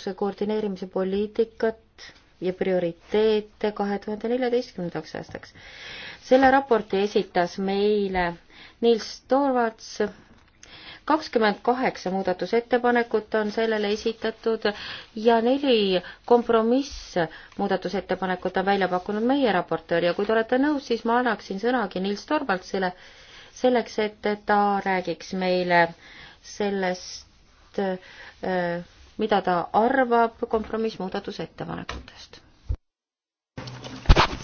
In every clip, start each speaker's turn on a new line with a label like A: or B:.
A: see koordineerimise poliitikat ja prioriteete kahe tuhande neljateistkümnendaks aastaks. selle raporti esitas meile Nils Torvalds. kakskümmend kaheksa muudatusettepanekut on sellele esitatud ja neli kompromissmuudatusettepanekut on välja pakkunud meie raportöör ja kui te olete nõus, siis ma annaksin sõnagi Nils Torvaldsile selleks, et ta räägiks meile sellest äh, mida ta arvab kompromissmuudatuse ettepanekutest.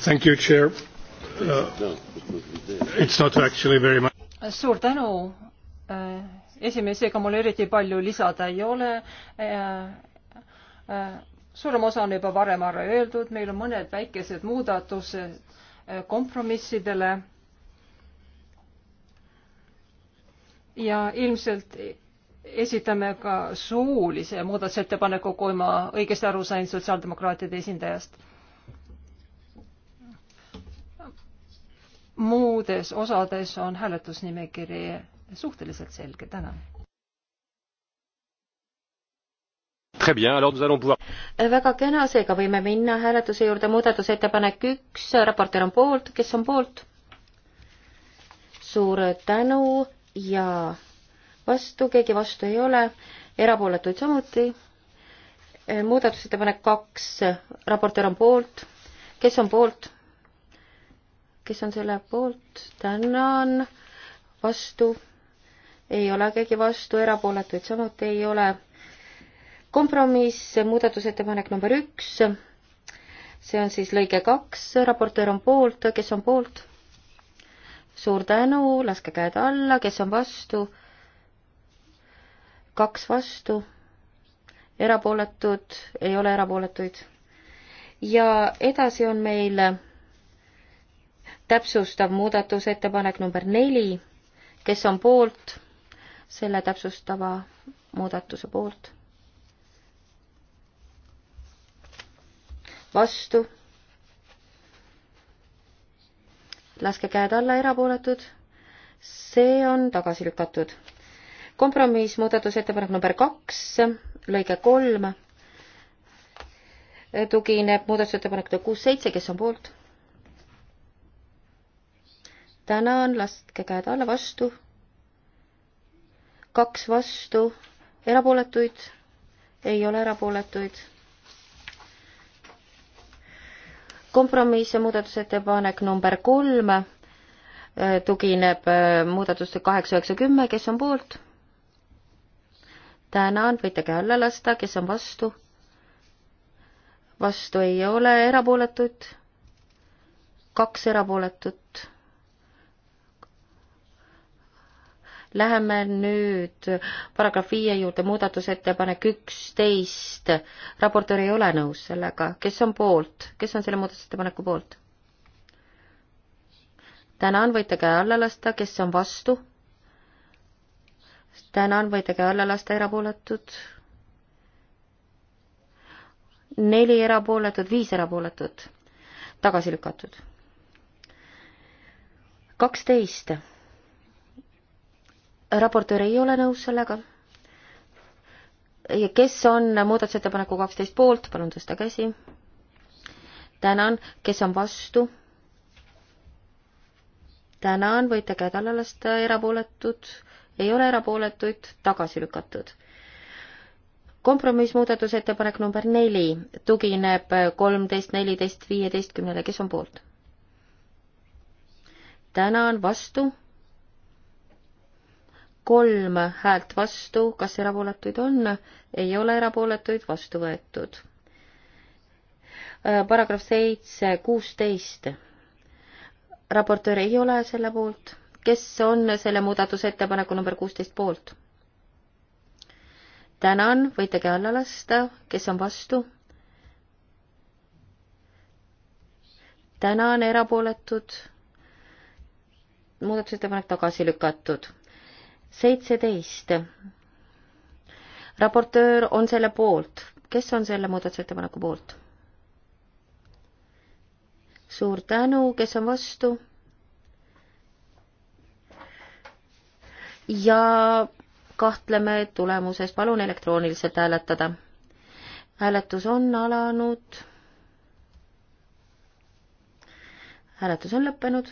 B: Thank
C: you, chair uh,. It's not actually very much.
D: suur tänu uh,. esimees, ega mul eriti palju lisada ei ole uh,. Uh, suurem osa on juba varem ära öeldud, meil on mõned väikesed muudatused kompromissidele. ja ilmselt esitame ka suulise muudatusettepaneku, kui ma õigesti aru sain sotsiaaldemokraatide esindajast. muudes osades on hääletusnimekiri suhteliselt selge, tänan.
A: väga kena, seega võime minna hääletuse juurde, muudatusettepanek üks, raportöör on poolt, kes on poolt? suur tänu ja vastu, keegi vastu ei ole, erapooletuid samuti. Eh, muudatusettepanek kaks, raportöör on poolt. kes on poolt? kes on selle poolt? tänan. vastu? ei ole keegi vastu, erapooletuid samuti ei ole. kompromiss, muudatusettepanek number üks. see on siis lõige kaks, raportöör on poolt, kes on poolt? suur tänu, laske käed alla, kes on vastu? kaks vastu, erapooletud, ei ole erapooletuid. ja edasi on meil täpsustav muudatusettepanek number neli, kes on poolt, selle täpsustava muudatuse poolt. vastu. laske käed alla, erapooletud. see on tagasi lükatud kompromiss, muudatusettepanek number kaks, lõige kolm, tugineb muudatusettepanekute kuus-seitse, kes on poolt? tänan, laske käed alla, vastu. kaks vastu, erapooletuid? ei ole erapooletuid kompromiss ja muudatusettepanek number kolm tugineb äh, muudatuste kaheksa, üheksa, kümme, kes on poolt? tänan, võite käe alla lasta, kes on vastu? vastu ei ole, erapooletuid? kaks erapooletut. Läheme nüüd paragrahv viie juurde, muudatusettepanek üksteist. raportöör ei ole nõus sellega, kes on poolt, kes on selle muudatusettepaneku poolt? tänan, võite käe alla lasta, kes on vastu? tänan, võidage alla lasta erapooletud. neli erapooletut, viis erapooletut, tagasi lükatud. kaksteist. raportöör ei ole nõus sellega. ja kes on muudatusettepaneku kaksteist poolt, palun tõsta käsi. tänan, kes on vastu? tänan, võite käed alla lasta, erapooletud ei ole erapooletuid, tagasi lükatud. kompromissmuudatusettepanek number neli tugineb kolmteist, neliteist, viieteistkümnele, kes on poolt? tänan, vastu? kolm häält vastu, kas erapooletuid on? ei ole erapooletuid, vastu võetud. paragrahv seitse, kuusteist. raportöör ei ole selle poolt kes on selle muudatusettepaneku number kuusteist poolt? tänan, võite käe alla lasta, kes on vastu? tänan, erapooletud. muudatusettepanek tagasi lükatud. seitseteist. raportöör on selle poolt. kes on selle muudatusettepaneku poolt? suur tänu, kes on vastu? ja kahtleme tulemuses, palun elektrooniliselt hääletada. hääletus on alanud. hääletus on lõppenud.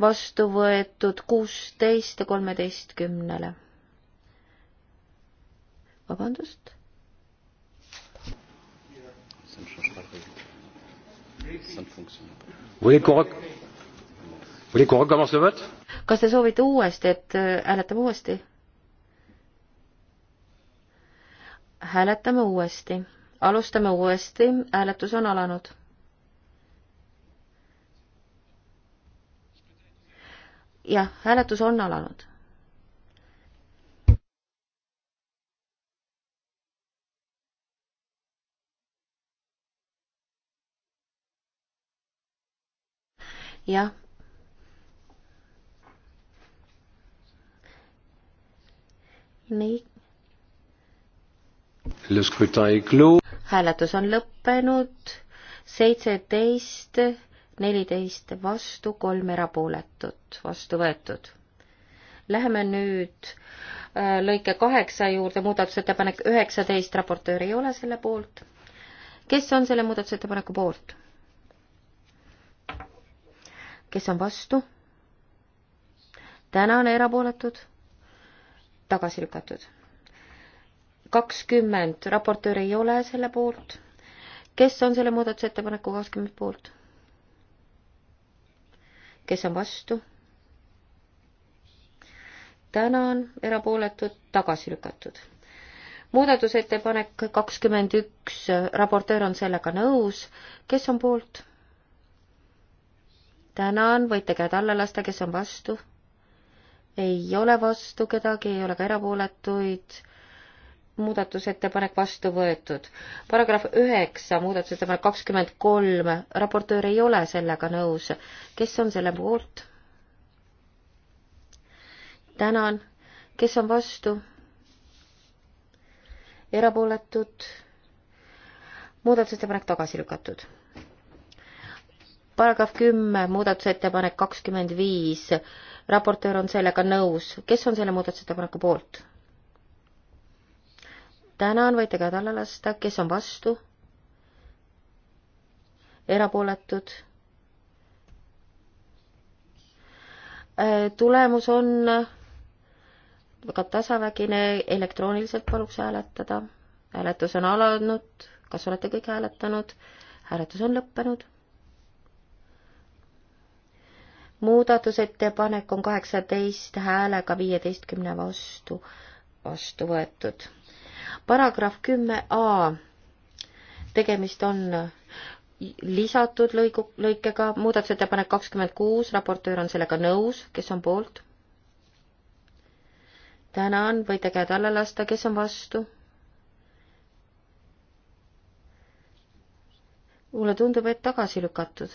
A: vastu võetud kuusteist ja kolmeteistkümnele. vabandust kas te soovite uuesti, et äh, hääletame uuesti? hääletame uuesti, alustame uuesti, hääletus on alanud. jah, hääletus on alanud jah. nii. hääletus on lõppenud, seitseteist, neliteist vastu, kolm erapooletut, vastu võetud. Läheme nüüd äh, lõike kaheksa juurde, muudatusettepanek üheksateist, raportöör ei ole selle poolt. kes on selle muudatusettepaneku poolt? kes on vastu? tänane erapooletud, tagasi lükatud. kakskümmend, raportöör ei ole selle poolt. kes on selle muudatusettepaneku kakskümmend poolt? kes on vastu? tänan, erapooletud, tagasi lükatud. muudatusettepanek kakskümmend üks, raportöör on sellega nõus, kes on poolt? tänan, võite käed alla lasta, kes on vastu. ei ole vastu kedagi, ei ole ka erapooletuid. muudatusettepanek vastu võetud. paragrahv üheksa, muudatusettepanek kakskümmend kolm, raportöör ei ole sellega nõus. kes on selle poolt? tänan, kes on vastu? erapooletud? muudatusettepanek tagasi lükatud paragrahv kümme, muudatusettepanek kakskümmend viis. raportöör on sellega nõus. kes on selle muudatusettepaneku poolt? tänan, võite käed alla lasta. kes on vastu? erapooletud? Äh, tulemus on väga tasavägine, elektrooniliselt paluks hääletada. hääletus on alanud, kas olete kõik hääletanud? hääletus on lõppenud muudatusettepanek on kaheksateist häälega viieteistkümne vastu, vastu võetud. paragrahv kümme A, tegemist on lisatud lõigu, lõikega, muudatusettepanek kakskümmend kuus, raportöör on sellega nõus, kes on poolt? tänan, võite käed alla lasta, kes on vastu? mulle tundub, et tagasi lükatud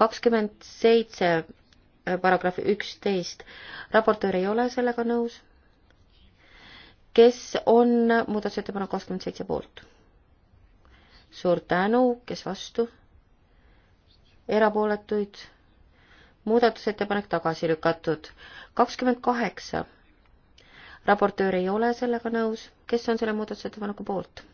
A: kakskümmend seitse, äh, paragrahv üksteist. raportöör ei ole sellega nõus. kes on muudatusettepanek kakskümmend seitse poolt? suur tänu, kes vastu? erapooletuid? muudatusettepanek tagasi lükatud. kakskümmend kaheksa. raportöör ei ole sellega nõus, kes on selle muudatusettepaneku poolt?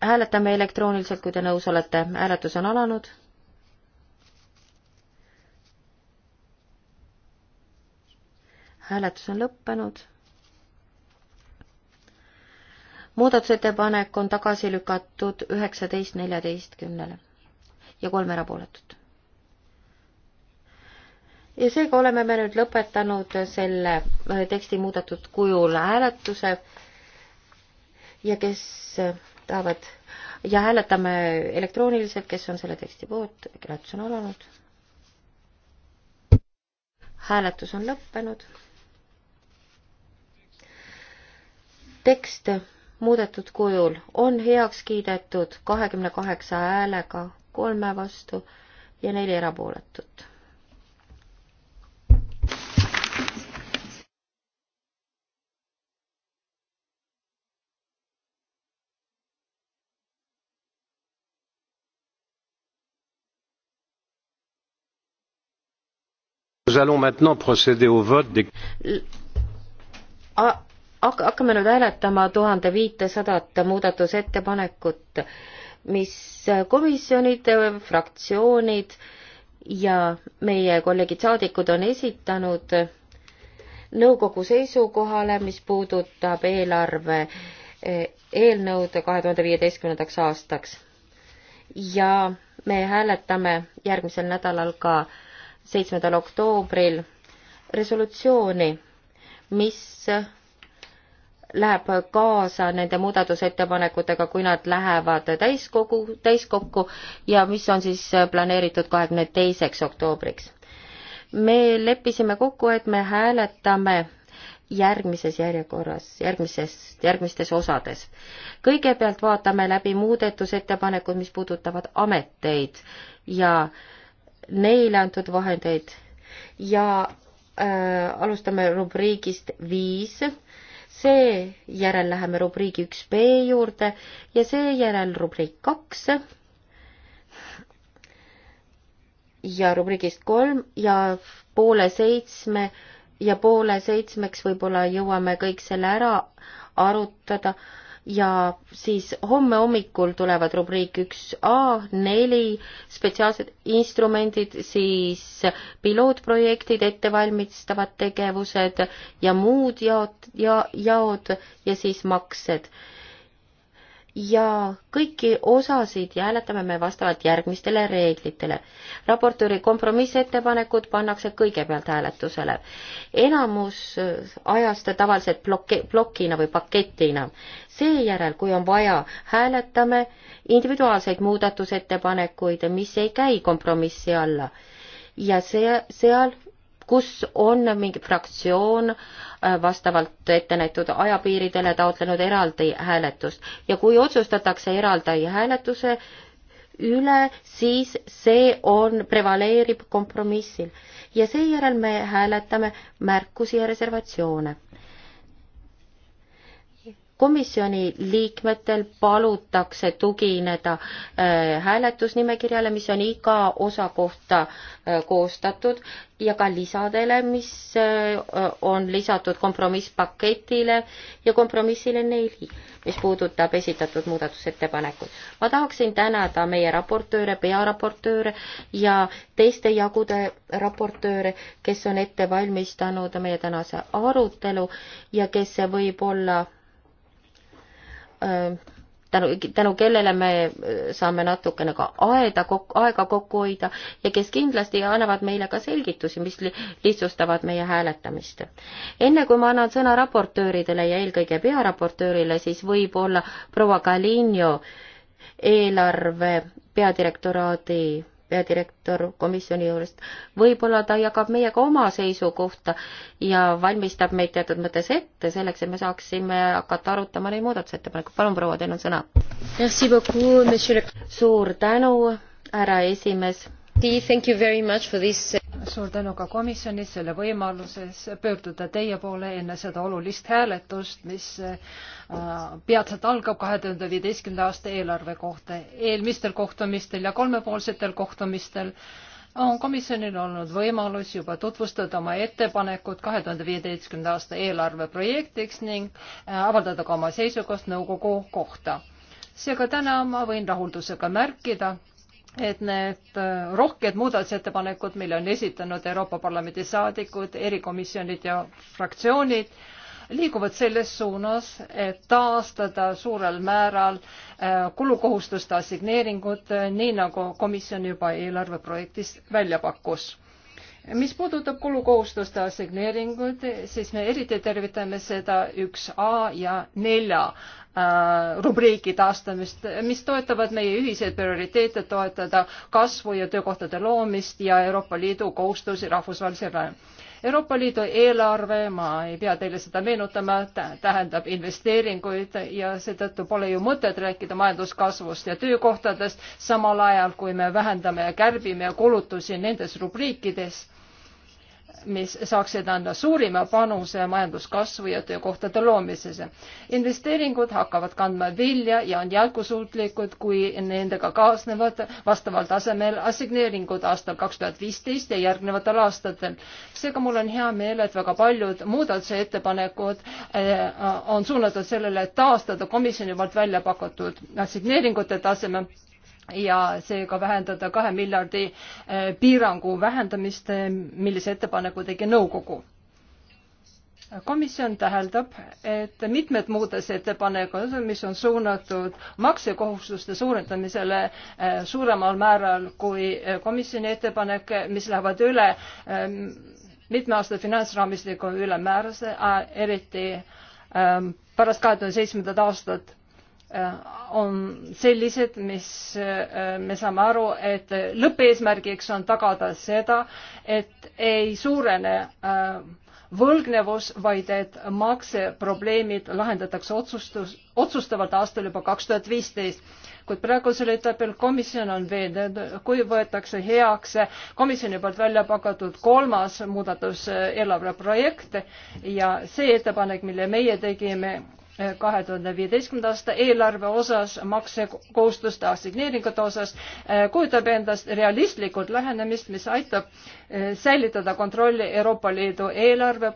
A: hääletame elektrooniliselt, kui te nõus olete. hääletus on alanud. hääletus on lõppenud. muudatusettepanek on tagasi lükatud üheksateist neljateistkümnele ja kolm erapooletut. ja seega oleme me nüüd lõpetanud selle teksti muudetud kujul hääletuse ja kes tahavad ja hääletame elektrooniliselt, kes on selle teksti poolt, hääletus on alanud. hääletus on lõppenud. tekst muudetud kujul on heaks kiidetud kahekümne kaheksa häälega kolme vastu ja neli erapooletut
C: Nous allons maintenant procéder au vote des...
A: hakkame nüüd hääletama tuhande viitesadat muudatusettepanekut, mis komisjonid, fraktsioonid ja meie kolleegid saadikud on esitanud nõukogu seisukohale, mis puudutab eelarve eh, eelnõud kahe tuhande viieteistkümnendaks aastaks. ja me hääletame järgmisel nädalal ka seitsmendal oktoobril resolutsiooni, mis läheb kaasa nende muudatusettepanekutega, kui nad lähevad täiskogu, täiskokku ja mis on siis planeeritud kahekümne teiseks oktoobriks. me leppisime kokku, et me hääletame järgmises järjekorras, järgmises, järgmistes osades. kõigepealt vaatame läbi muudatusettepanekud, mis puudutavad ameteid ja äh, neile antud vahendeid ja äh, alustame rubriigist viis, seejärel läheme rubriigi üks B juurde ja seejärel rubriik kaks ja rubriigist kolm ja poole seitsme ja poole seitsmeks võib-olla jõuame kõik selle ära arutada ja siis homme hommikul tulevad rubriik üks A neli spetsiaalsed instrumendid, siis pilootprojektid, ettevalmistavad tegevused ja muud jaod ja jaod ja siis maksed ja kõiki osasid hääletame me vastavalt järgmistele reeglitele. raportööri kompromissettepanekud pannakse kõigepealt hääletusele. enamus ajast tavaliselt bloki, plokina või paketina. seejärel, kui on vaja, hääletame individuaalseid muudatusettepanekuid, mis ei käi kompromissi alla ja see, seal kus on mingi fraktsioon äh, vastavalt ette näitud ajapiiridele taotlenud eraldi hääletust ja kui otsustatakse eraldi hääletuse üle, siis see on, prevaleerib kompromissil ja seejärel me hääletame märkusi ja reservatsioone komisjoni liikmetel palutakse tugineda äh, hääletusnimekirjale, mis on iga osa kohta äh, koostatud ja ka lisadele, mis äh, on lisatud kompromisspaketile ja kompromissile neli, mis puudutab esitatud muudatusettepanekuid. ma tahaksin tänada meie raportööre, pearaportööre ja teiste jagude raportööre, kes on ette valmistanud meie tänase arutelu ja kes võib-olla Äh, tänu, tänu kellele me äh, saame natukene ka aeda kok-, aega kokku hoida ja kes kindlasti annavad meile ka selgitusi, mis li, lihtsustavad meie hääletamist. enne kui ma annan sõna raportööridele ja eelkõige pearaportöörile, siis võib-olla proua Galinio eelarve peadirektoraadi peadirektor komisjoni juurest. võib-olla ta jagab meiega oma seisukohta ja valmistab meid teatud mõttes ette selleks, et me saaksime hakata arutama neid muudatusettepanekuid. palun, proua, teil on sõna. suur tänu, härra
D: esimees Uh, suur tänu ka komisjonis selle võimaluses pöörduda teie poole enne seda olulist hääletust, mis äh, peatselt algab kahe tuhande viieteistkümnenda aasta eelarve kohta. eelmistel kohtumistel ja kolmepoolsetel kohtumistel on komisjonil olnud võimalus juba tutvustada oma ettepanekut kahe tuhande viieteistkümnenda aasta eelarve projektiks ning äh, avaldada ka oma seisukoht nõukogu kohta. seega täna ma võin rahuldusega märkida, et need äh, rohked muudatusettepanekud, mille on esitanud Euroopa Parlamendi saadikud, erikomisjonid ja fraktsioonid, liiguvad selles suunas, et taastada suurel määral äh, kulukohustuste assigneeringud, äh, nii nagu komisjon juba eelarveprojektis välja pakkus mis puudutab kulukohustuste assigneeringuid, siis me eriti tervitame seda üks A ja nelja äh, rubriigi taastamist, mis toetavad meie ühiseid prioriteete toetada kasvu ja töökohtade loomist ja Euroopa Liidu kohustusi rahvusvahelisele Euroopa Liidu eelarve, ma ei pea teile seda meenutama, tähendab investeeringuid ja seetõttu pole ju mõtet rääkida majanduskasvust ja töökohtadest, samal ajal kui me vähendame ja kärbime kulutusi nendes rubriikides mis saaksid anda suurima panuse majanduskasvu ja töökohtade loomisesse. investeeringud hakkavad kandma vilja ja on jätkusuutlikud, kui nendega kaasnevad vastaval tasemel assigneeringud aastal kaks tuhat viisteist ja järgnevatel aastatel. seega mul on hea meel, et väga paljud muudatusettepanekud äh, on suunatud sellele, et taastada komisjoni poolt välja pakutud assigneeringute taseme ja seega vähendada kahe miljardi eh, piirangu vähendamist, eh, millise ettepaneku tegi nõukogu. komisjon täheldab, et mitmed muudatusettepanekud, mis on suunatud maksekohustuste suurendamisele eh, suuremal määral kui komisjoni ettepanek, mis lähevad üle mitmeaastase finantsraamistiku ülemäärase, eriti pärast kahe tuhande seitsmendat aastat Äh, on sellised, mis äh, me saame aru, et lõppeesmärgiks on tagada seda, et ei suurene äh, võlgnevus, vaid et makseprobleemid lahendatakse otsustus, otsustavalt aastal juba kaks tuhat viisteist. kuid praegusel etapil komisjon on veendunud, kui võetakse heaks komisjoni poolt välja pakatud kolmas muudatus eelarveprojekt ja see ettepanek, mille meie tegime, kahe tuhande viieteistkümnenda aasta eelarve osas, maksekohustuste assigneeringute osas, äh, kujutab endast realistlikult lähenemist, mis aitab äh, säilitada kontrolli Euroopa Liidu eelarve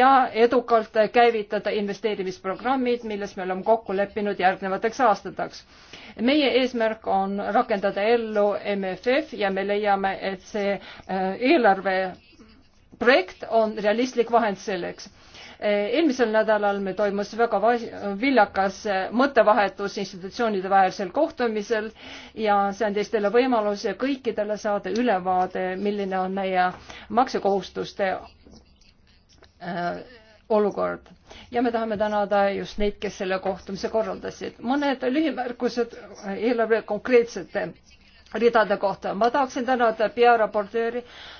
D: ja edukalt käivitada investeerimisprogrammid, milles me oleme kokku leppinud järgnevateks aastateks. meie eesmärk on rakendada ellu MFF ja me leiame, et see äh, eelarve projekt on realistlik vahend selleks eelmisel nädalal meil toimus väga viljakas mõttevahetus institutsioonide vahelisel kohtumisel ja see andis teile võimaluse kõikidele saada ülevaade, milline on meie maksekohustuste äh, olukord ja me tahame tänada just neid, kes selle kohtumise korraldasid. mõned lühimärkused eelarve konkreetsete ridade kohta. ma tahaksin tänada pearaportööri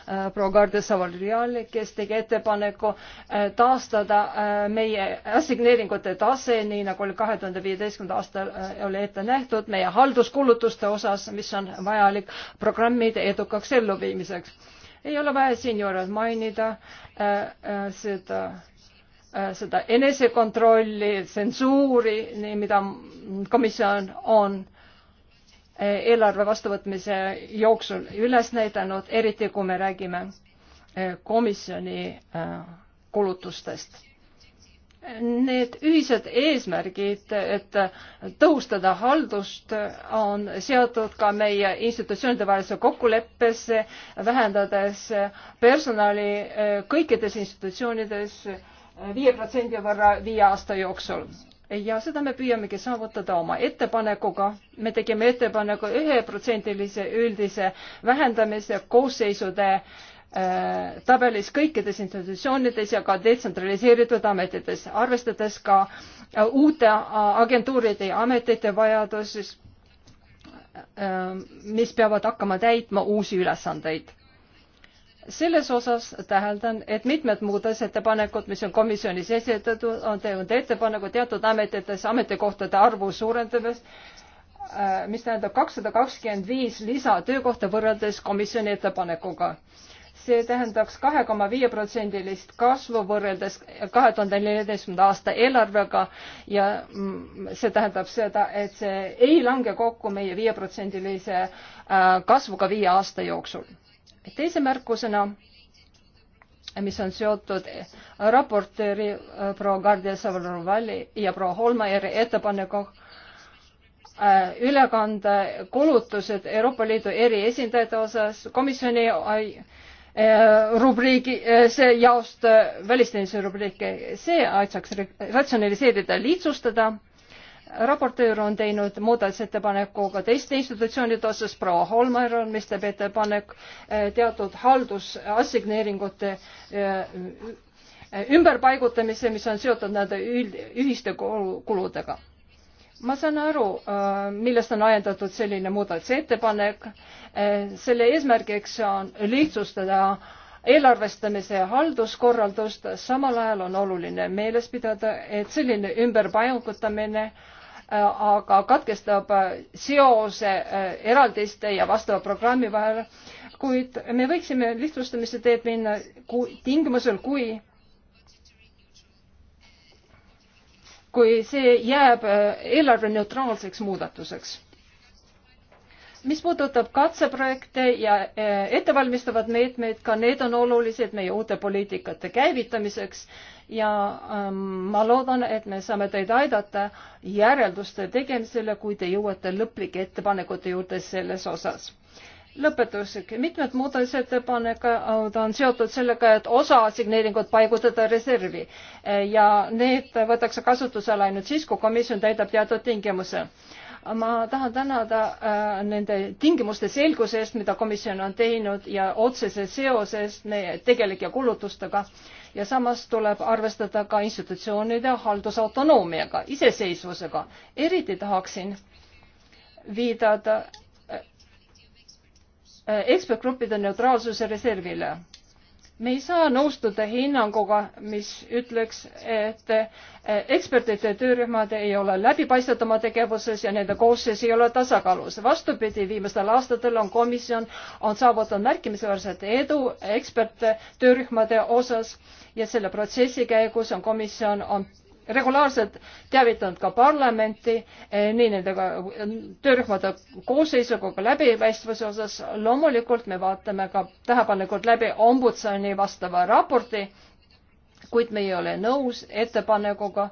D: äh, proua Garde Savalriali, kes tegi ettepaneku äh, taastada äh, meie assigneeringute tase, nii nagu oli kahe tuhande viieteistkümnendal aastal äh, oli ette nähtud, meie halduskulutuste osas, mis on vajalik programmide edukaks elluviimiseks. ei ole vaja siinjuures mainida äh, äh, seda seda enesekontrolli, tsensuuri, mida komisjon on äh, eelarve vastuvõtmise jooksul üles näidanud, eriti kui me räägime eh, komisjoni eh, kulutustest. Need ühised eesmärgid, et tõhustada haldust, on seotud ka meie institutsioonide vahelise kokkuleppesse, vähendades personali eh, kõikides institutsioonides viie protsendi võrra viie aasta jooksul ja seda me püüamegi saavutada oma ettepanekuga. me tegime ettepaneku üheprotsendilise üldise vähendamise koosseisude äh, tabelis kõikides institutsioonides ja ka detsentraliseeritud ametites, arvestades ka äh, uute äh, agentuuride ja ametite vajadust, äh, mis peavad hakkama täitma uusi ülesandeid selles osas täheldan, et mitmed muudatusettepanekud, mis on komisjonis esitatud, on teinud ettepaneku teatud ametites ametikohtade arvu suurendamist, äh, mis tähendab kakssada kakskümmend viis lisatöökohta võrreldes komisjoni ettepanekuga. see tähendaks kahe koma viie protsendilist kasvu võrreldes kahe tuhande neljateistkümnenda aasta eelarvega ja mm, see tähendab seda, et see ei lange kokku meie viieprotsendilise äh, kasvuga viie aasta jooksul teise märkusena, mis on seotud raportööri äh, proua Gardia Savarvali ja proua Holmajärvi ettepanekuga äh, üle kanda kulutused Euroopa Liidu eriesindajate osas komisjoni äh, rubriigi, see jaost välisteenistuse rubriiki, see aitaks ratsionaliseerida, lihtsustada raportöör on teinud muudatusettepaneku ka teiste institutsioonide osas, proua Holmer on, mis teeb ettepanek eh, teatud haldusassigneeringute eh, ümberpaigutamise, mis on seotud nende ühiste kuludega. ma saan aru, eh, millest on ajendatud selline muudatusettepanek. selle eesmärgiks on lihtsustada eelarvestamise ja halduskorraldust, samal ajal on oluline meeles pidada, et selline ümberpaigutamine Äh, aga katkestab äh, seose äh, eraldiste ja vastava programmi vahel. kuid me võiksime lihtsustamise teed minna kui, tingimusel, kui kui see jääb eelarveneutraalseks muudatuseks mis puudutab katseprojekte ja eh, ettevalmistavad meetmeid, ka need on olulised meie uute poliitikate käivitamiseks ja ähm, ma loodan, et me saame teid aidata järelduste tegemisele, kui te jõuate lõplike ettepanekute juurde selles osas lõpetuseks, mitmed muudatusettepanekud on seotud sellega, et osa signeeringut paigutada reservi eh, ja need võetakse kasutusele ainult siis, kui komisjon täidab teatud tingimuse ma tahan tänada äh, nende tingimuste selguse eest, mida komisjon on teinud ja otsese seosest meie tegelike kulutustega ja samas tuleb arvestada ka institutsioonide haldusautonoomiaga, iseseisvusega. eriti tahaksin viidata äh, äh, ekspertgruppide neutraalsuse reservile me ei saa nõustuda hinnanguga, mis ütleks, et eh, ekspertide töörühmad ei ole läbipaistvad oma tegevuses ja nende koosseis ei ole tasakaalus. vastupidi, viimastel aastatel on komisjon, on saavutanud märkimisväärset edu eksperttöörühmade osas ja selle protsessi käigus on komisjon on regulaarselt teavitanud ka parlamenti eh, nii nende töörühmade koosseisu kui ka läbipaistvuse osas. loomulikult me vaatame ka tähelepanelikult läbi ombudsmani vastava raporti, kuid me ei ole nõus ettepanekuga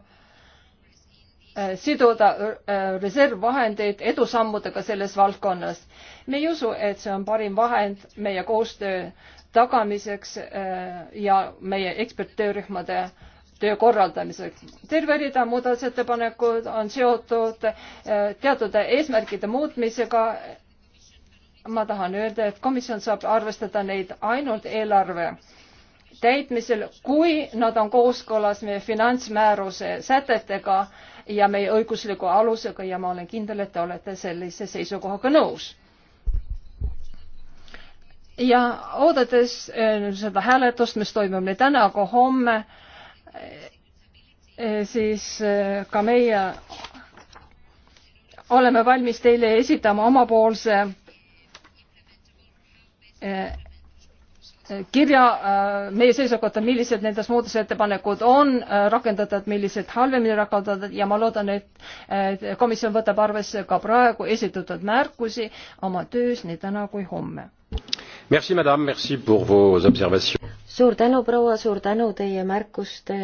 D: eh, siduda eh, reservvahendeid edusammudega selles valdkonnas. me ei usu, et see on parim vahend meie koostöö tagamiseks ja meie eksperttöörühmade töö korraldamiseks. terve rida muudatusettepanekud on seotud eh, teatud eesmärkide muutmisega. ma tahan öelda, et komisjon saab arvestada neid ainult eelarve täitmisel, kui nad on kooskõlas meie finantsmääruse sätetega ja meie õigusliku alusega ja ma olen kindel, et te olete sellise seisukohaga nõus ja oodates eh, seda hääletust, mis toimub nii täna kui homme äh,, Eh, siis eh, ka meie oleme valmis teile esitama omapoolse eh, kirja meie seisukohta, millised nendest muudatusettepanekud on rakendatud, millised halvemini rakendatud ja ma loodan, et komisjon võtab arvesse ka praegu esitatud märkusi oma töös nii täna kui homme.
C: Merci madame, merci pour vos observations
A: suur tänu, proua, suur tänu teie märkuste,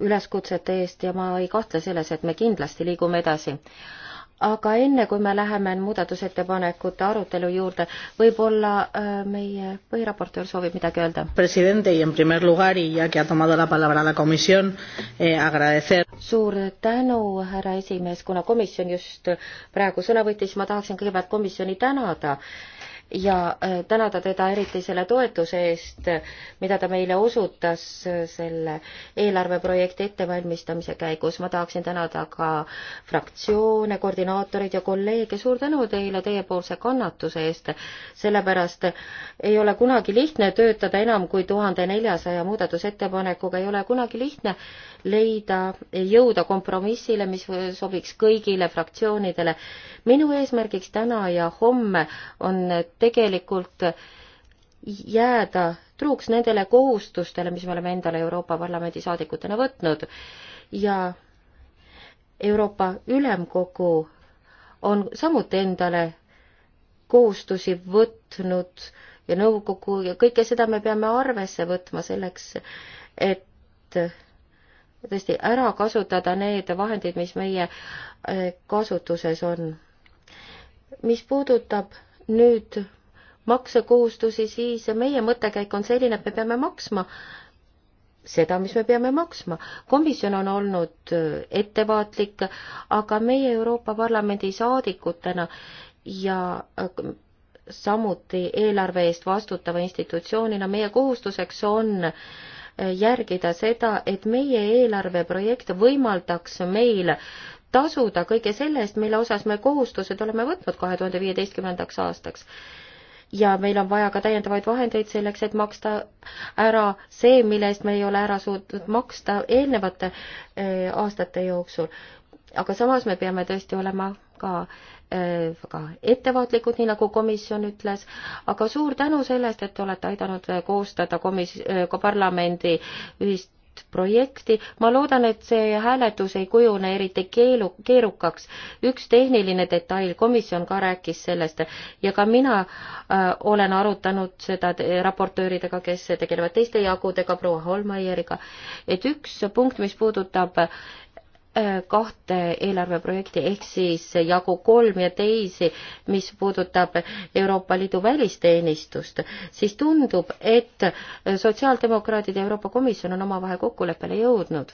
A: üleskutsete eest ja ma ei kahtle selles, et me kindlasti liigume edasi aga enne, kui me läheme muudatusettepanekute arutelu juurde, võib-olla äh, meie põhiraportöör soovib midagi öelda. Eh, suur tänu, härra esimees, kuna komisjon just praegu sõna võttis, ma tahaksin kõigepealt komisjoni tänada ja äh, tänada teda eriti selle toetuse eest, mida ta meile osutas äh, selle eelarveprojekti ettevalmistamise käigus. ma tahaksin tänada ka fraktsioone, koordinaatoreid ja kolleege, suur tänu teile teiepoolse kannatuse eest, sellepärast ei ole kunagi lihtne töötada enam kui tuhande neljasaja muudatusettepanekuga, ei ole kunagi lihtne leida, jõuda kompromissile, mis sobiks kõigile fraktsioonidele. minu eesmärgiks täna ja homme on tegelikult jääda truuks nendele kohustustele, mis me oleme endale Euroopa Parlamendi saadikutena võtnud ja Euroopa Ülemkogu on samuti endale kohustusi võtnud ja nõukogu ja kõike seda me peame arvesse võtma selleks, et tõesti ära kasutada need vahendid, mis meie äh, kasutuses on. mis puudutab nüüd maksekohustusi, siis meie mõttekäik on selline, et me peame maksma seda, mis me peame maksma. komisjon on olnud äh, ettevaatlik, aga meie Euroopa Parlamendi saadikutena ja äh, samuti eelarve eest vastutava institutsioonina meie kohustuseks on äh, järgida seda, et meie eelarveprojekt võimaldaks meil tasuda kõige selle eest, mille osas me kohustused oleme võtnud kahe tuhande viieteistkümnendaks aastaks. ja meil on vaja ka täiendavaid vahendeid selleks, et maksta ära see, mille eest me ei ole ära suutnud maksta eelnevate eh, aastate jooksul. aga samas me peame tõesti olema ka väga eh, ettevaatlikud, nii nagu komisjon ütles, aga suur tänu selle eest, et olete aidanud koostada komis-, eh, ka parlamendi ühist projekti. ma loodan, et see hääletus ei kujune eriti keelu, keerukaks. üks tehniline detail, komisjon ka rääkis sellest ja ka mina äh, olen arutanud seda raportööridega, kes tegelevad teiste jagudega, proua Holmeieriga, et üks punkt, mis puudutab Äh, kahte eelarveprojekti ehk siis jagu kolm ja teisi, mis puudutab Euroopa Liidu välisteenistust, siis tundub, et sotsiaaldemokraadid ja Euroopa Komisjon on omavahel kokkuleppele jõudnud.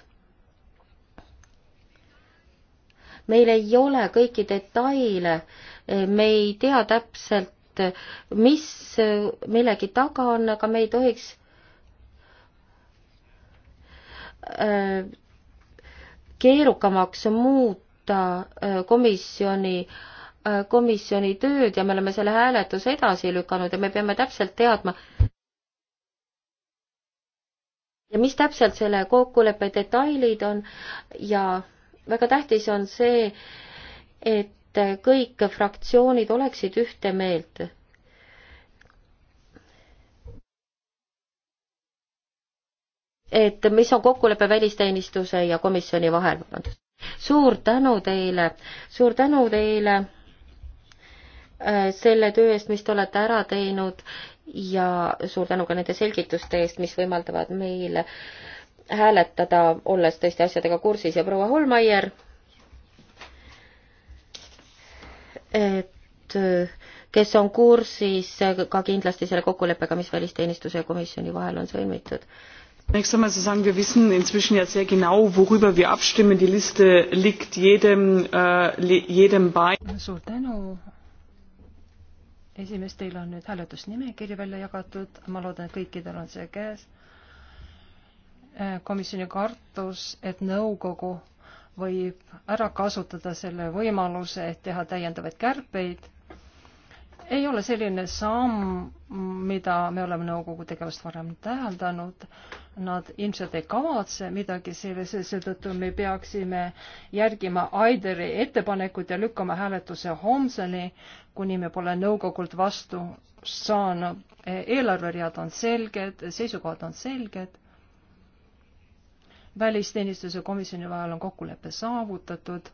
A: meil ei ole kõiki detaile, me ei tea täpselt, mis millegi taga on, aga me ei tohiks äh, keerukamaks muuta äh, komisjoni äh, komisjoni tööd ja me oleme selle hääletuse edasi lükanud ja me peame täpselt teadma, ja mis täpselt selle kokkuleppe detailid on ja väga tähtis on see, et kõik fraktsioonid oleksid ühte meelt et mis on kokkulepe välisteenistuse ja komisjoni vahel, vabandust. suur tänu teile, suur tänu teile äh, selle töö eest, mis te olete ära teinud ja suur tänu ka nende selgituste eest, mis võimaldavad meil hääletada, olles tõesti asjadega kursis ja proua Holmaier, et kes on kursis ka kindlasti selle kokkuleppega, mis välisteenistuse ja komisjoni vahel on sõlmitud
D: Zunächst einmal zu sagen, wir wissen inzwischen ja sehr genau, worüber wir abstimmen. Die Liste liegt jedem, äh, jedem bei. Suur tänu. Esimees, teil on nüüd hääletusnimekiri välja jagatud. Ma loodan, et kõikidel on see käes. Äh, komisjoni kartus, et nõukogu võib ära kasutada selle võimaluse, et teha täiendavaid kärpeid ei ole selline samm, mida me oleme nõukogu tegevust varem täheldanud. Nad ilmselt ei kavatse midagi sellise, seetõttu me peaksime järgima Aideri ettepanekut ja lükkama hääletuse homseni, kuni me pole nõukogult vastu saanud. eelarveread on selged, seisukohad on selged. välisteenistuse komisjoni vahel on kokkulepe saavutatud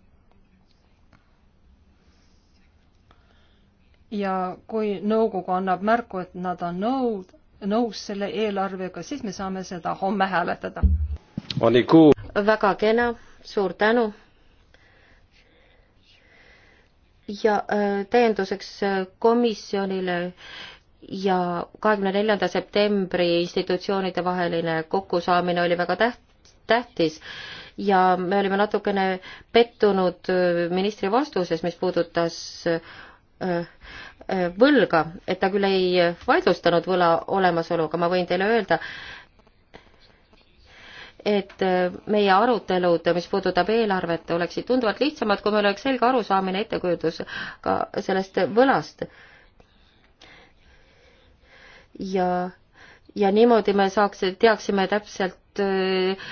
D: ja kui nõukogu annab märku, et nad on nõud, nõus selle eelarvega, siis me saame seda homme hääletada. väga kena, suur tänu.
A: ja äh, täienduseks äh, komisjonile ja kahekümne neljanda septembri institutsioonide vaheline kokkusaamine oli väga täht-, tähtis ja me olime natukene pettunud äh, ministri vastuses, mis puudutas äh, Äh, võlga, et ta küll ei vaidlustanud võla olemasolu, aga ma võin teile öelda, et äh, meie arutelud, mis puudutab eelarvet, oleksid tunduvalt lihtsamad, kui meil oleks selge arusaamine, ettekujutus ka sellest võlast. ja, ja niimoodi me saaks, teaksime täpselt, äh,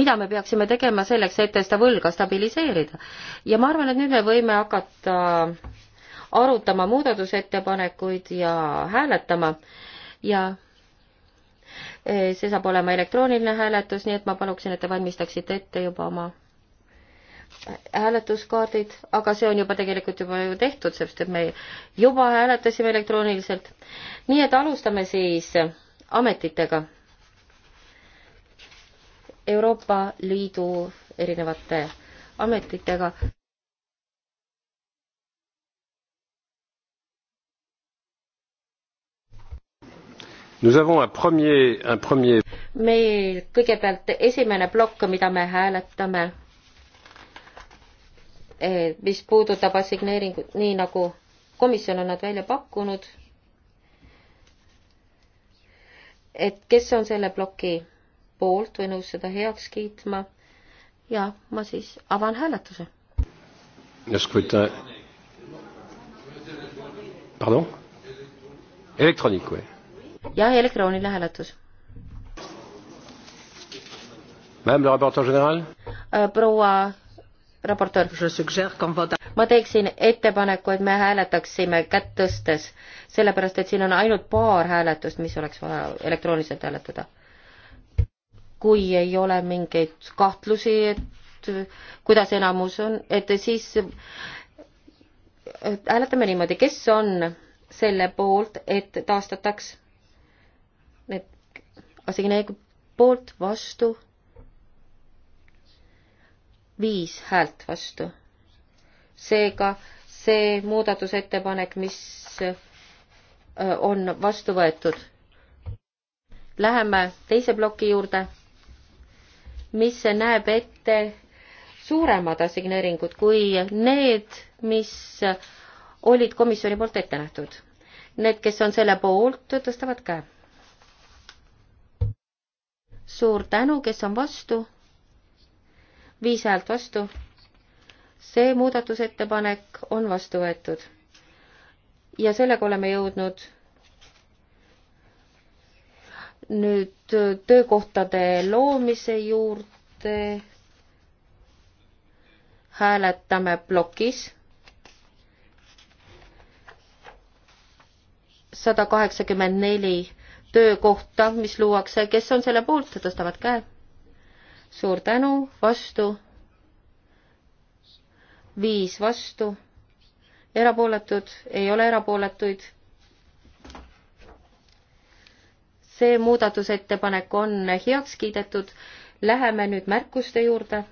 A: mida me peaksime tegema selleks, et seda võlga stabiliseerida. ja ma arvan, et nüüd me võime hakata äh, arutama muudatusettepanekuid ja hääletama ja e, see saab olema elektrooniline hääletus, nii et ma paluksin, et te valmistaksite ette juba oma hääletuskaardid, aga see on juba tegelikult juba ju tehtud, sest et me juba hääletasime elektrooniliselt. nii et alustame siis ametitega. Euroopa Liidu erinevate ametitega meil kõigepealt esimene plokk, mida me hääletame, eh, mis puudutab assigneeringut, nii nagu komisjon on nad välja pakkunud. et kes on selle ploki poolt või nõus seda heaks kiitma ja ma siis avan hääletuse.
C: Pardon? Elektroonik või?
A: ja elektrooniline hääletus. Äh, proua raportöör. ma teeksin ettepaneku, et me hääletaksime kätt tõstes, sellepärast et siin on ainult paar hääletust, mis oleks vaja elektrooniliselt hääletada. kui ei ole mingeid kahtlusi, et kuidas enamus on, et siis äh, hääletame niimoodi, kes on selle poolt, et taastataks assigneeringu poolt, vastu, viis häält vastu. seega see muudatusettepanek, mis äh, on vastu võetud. Läheme teise ploki juurde, mis näeb ette suuremad assigneeringud kui need, mis olid komisjoni poolt ette nähtud. Need, kes on selle poolt, tõstavad käe suur tänu, kes on vastu? viis häält vastu. see muudatusettepanek on vastu võetud. ja sellega oleme jõudnud nüüd töökohtade loomise juurde. hääletame plokis. sada kaheksakümmend neli töökohta, mis luuakse, kes on selle poolt, tõstavad käe. suur tänu, vastu. viis vastu, erapooletud, ei ole erapooletuid. see muudatusettepanek on heaks kiidetud. Läheme nüüd märkuste juurde.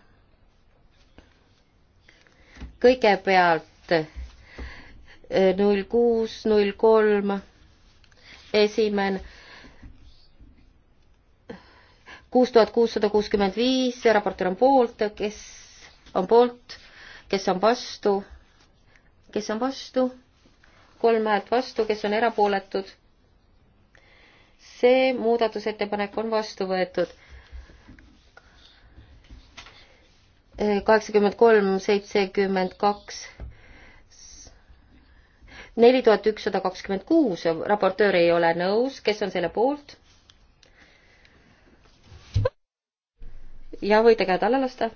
A: kõigepealt eh, null kuus, null kolm esimene kuus tuhat kuussada kuuskümmend viis, raportöör on poolt, kes on poolt, kes on vastu, kes on vastu, kolm häält vastu, kes on erapooletud. see muudatusettepanek on vastu võetud. kaheksakümmend kolm, seitsekümmend kaks, neli tuhat ükssada kakskümmend kuus, raportöör ei ole nõus, kes on selle poolt ja võite käed alla lasta,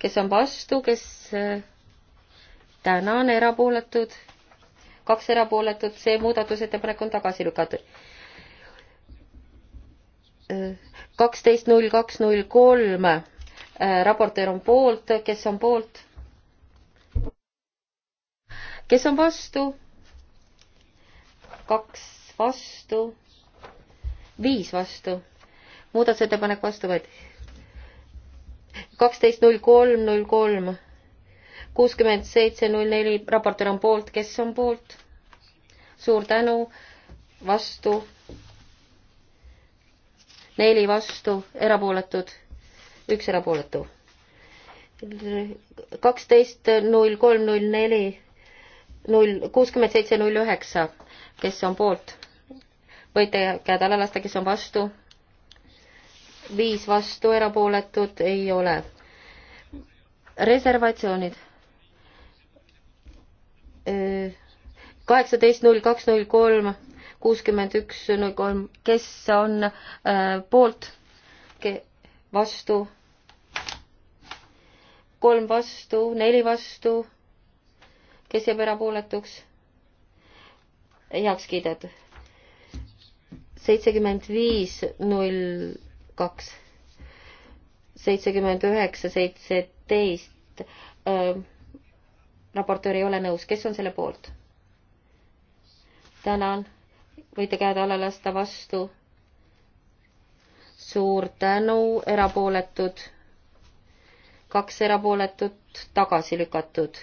A: kes on vastu, kes äh, täna on erapooletud, kaks erapooletut, see muudatusettepanek on tagasi lükatud. kaksteist null kaks null kolm, äh, raportöör on poolt, kes on poolt? kes on vastu? kaks vastu, viis vastu, muudatusettepanek vastu võeti kaksteist null kolm null kolm kuuskümmend seitse null neli, raportöör on poolt, kes on poolt? suur tänu, vastu, neli vastu, erapooletud, üks erapooletu. kaksteist null kolm null neli null kuuskümmend seitse null üheksa, kes on poolt? võite käed alla lasta, kes on vastu viis vastu, erapooletud ei ole. reservatsioonid. kaheksateist, null kaks, null kolm, kuuskümmend üks, null kolm, kes on äh, poolt, vastu, kolm vastu, neli vastu, kes jääb erapooletuks? heaks kiidetud. seitsekümmend viis, null kaks, seitsekümmend üheksa, seitseteist. raportöör ei ole nõus, kes on selle poolt? tänan, võite käed alla lasta vastu. suur tänu, erapooletud, kaks erapooletut tagasi lükatud.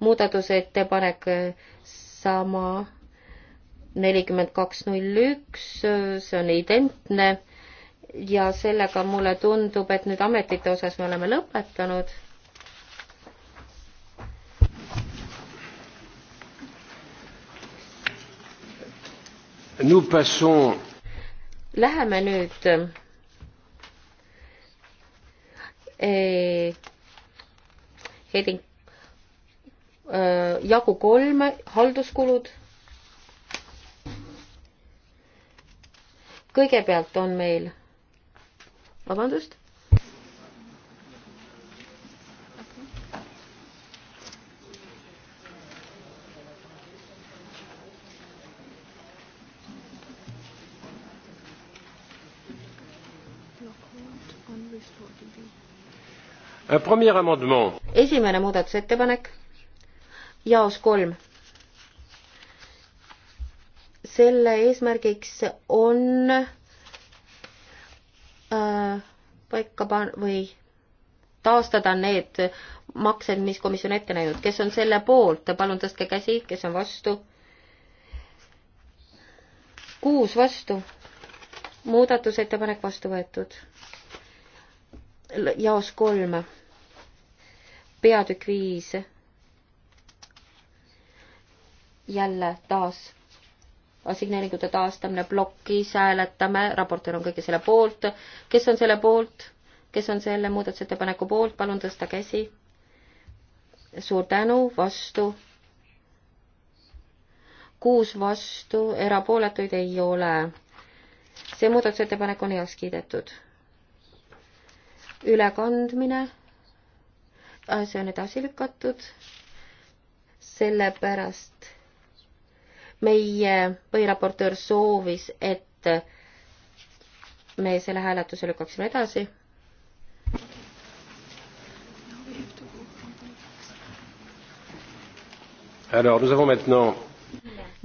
A: muudatusettepanek sama nelikümmend kaks null üks, see on identne ja sellega mulle tundub, et nüüd ametite osas me oleme lõpetanud. Läheme nüüd eh, heading eh, jagu kolme, halduskulud kõigepealt on meil vabandust? esimene muudatusettepanek jaos kolm selle eesmärgiks on paika pan- või taastada need maksed, mis komisjon ette näinud. kes on selle poolt, palun tõstke käsi, kes on vastu? kuus vastu. muudatusettepanek vastu võetud. jaos kolm. peatükk viis. jälle taas assigneeringute taastamine plokis, hääletame, raportöör on kõige selle poolt. kes on selle poolt, kes on selle muudatusettepaneku poolt, palun tõsta käsi. suur tänu, vastu. kuus vastu, erapooletuid ei ole. see muudatusettepanek on heaks kiidetud. ülekandmine, see on edasi lükatud, sellepärast meie põhiraportöör soovis, et me selle hääletuse lükkaksime edasi.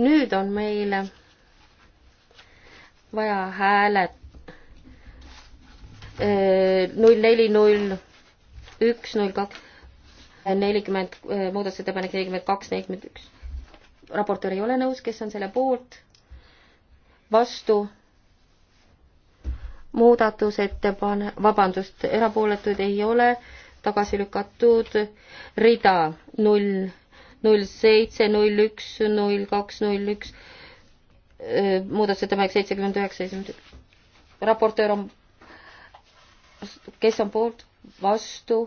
A: nüüd on meil vaja häälet äh, null neli null üks null kaks äh, nelikümmend äh, muudatusettepanek nelikümmend kaks nelikümmend üks raportöör ei ole nõus, kes on selle poolt, vastu, muudatusettepane-, vabandust, erapooletuid ei ole, tagasi lükatud rida null, null seitse, null üks, null kaks, null üks, muudatusettepanek seitsekümmend üheksa, esimene raportöör on, kes on poolt, vastu,